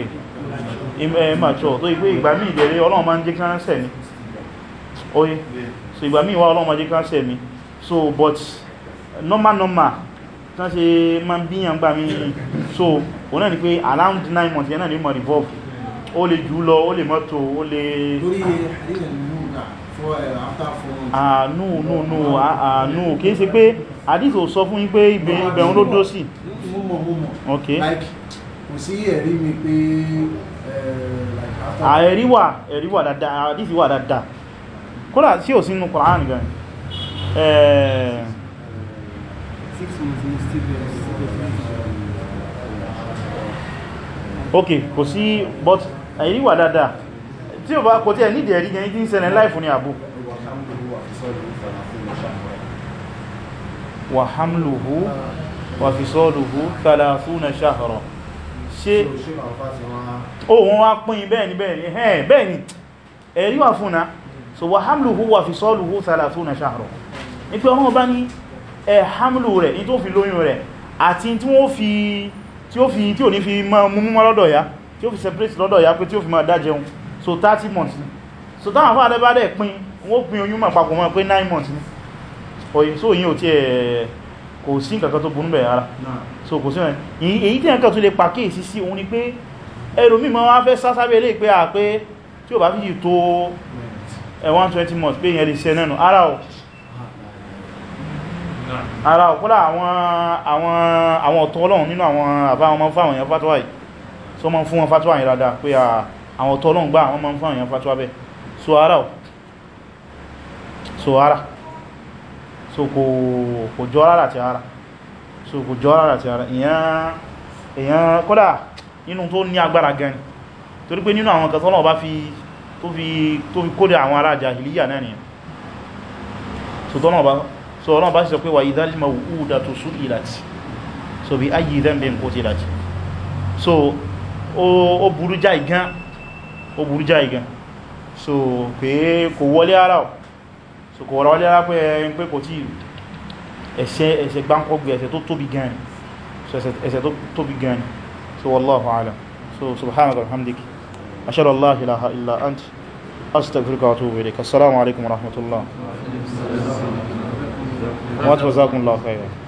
immature tó ìgbé ìgbà mí ìdẹ̀rẹ́ ọlọ́run máa ń jẹ́ kánṣẹ̀ mi oye so ìgbà mí ìwá ọlọ́run máa jẹ́ kánṣẹ̀ mi so but normal normal tán ṣe ma ń bíyàn gbà mí so o náà ni pé around 9 months yẹn náà ni mo revolve ó lè jù lọ ó lè mọ́tò ó lè àánú nù nù àánú kìí ṣe pé àdíṣ ò sọ fún yín pé ìbẹ̀rún ló dó sí ok kò sí ẹ̀rí mi pé eh, ah, ẹ̀rí wà ẹ̀rí wà dáadáa àdíṣ wà dáadáa kódà sí ò sínú Kùránì gan ẹ̀ẹ̀ eh, ok kò sí but àyírí wà dáadáa tí o bá kò tí ẹ̀ nídẹ̀ rí gẹ̀yìn tí ń ṣẹlẹ̀ láìfù ní àbú wa hamluhu wa fisaluhu thalathuna shahra ṣe o wọ́n wá pín bẹ́ẹ̀ni bẹ́ẹ̀ni ẹ̀ẹ́ bẹ́ẹ̀ni ẹ̀rí wà fún na so wa hamluhu wa fisaluhu thalathuna shahra ní pé ọmọ bá ní ẹ hamlu rẹ̀ ní tó fi lóyún rẹ̀ àti tí wọ́n fi tí ó fi tí ò ní fi máa mú mọ́ lọ́dọ̀ ya tí ó fi separate lọ́dọ̀ ya pé tí ó fi máa dá jẹun so 30 months ni so táwọn afọ́ adẹ́bá dẹ̀ pín wọ́n pín oyún mọ̀ papọ̀ mọ́ pé 9 months ni oye so yíò tí ẹ kò sí nǹkan tó burú bẹ̀ ara so kò sí wọn èyí tí nǹkan tó lè pàkíyèsí sí òun ni pé ẹlòmíì máa wá fẹ́ sásábẹ́ lè pé à pé tí ò bá fi months pé ìyẹn lè ṣe nẹ́nu ara ọ̀pọ̀lá àwọn ọ̀tọ̀ ọlọ́run nínú àwọn àbá wọn máa fáwọn èèyàn fatuwa yìí so máa fún wọn fatuwa yìí rádá pé àwọn ọ̀tọ̀ ọlọ́run gbá àwọn máa fáwọn èèyàn fatuwa bẹ́ so ara ọ̀ so ara so kò jọ rárá ti ara so kò jọ rárá ti ara èèyàn kódà nínú tó ní agbára gan torí pé nínú àwọn kẹtọ́lọ́ ọba tó fi kódà àwọn ará jahiliya náà nìyàn so tọ́nà ọba so ọlọ́run bá sì sọ pé wà idhal maw'udatu su'ilat so bí ayyi dhanbin qutilat so ó burú jáì gan ó burú jáì gan so pé kò wọlé ara ọ̀ so kò wọlé ara pé pé kò tí ẹ̀ṣẹ̀ ẹ̀ṣẹ̀ gbáǹkọ́gbẹ̀ ẹ̀ṣẹ̀ tó tóbi gan so ẹ̀ṣẹ̀ tó gan so wallahu a'lam so subhanaka alhamdik ashhadu an la ilaha illa ant astaghfiruka wa atubu ilayk assalamu alaikum wa wọ́n tó zákùn lọ́kọ̀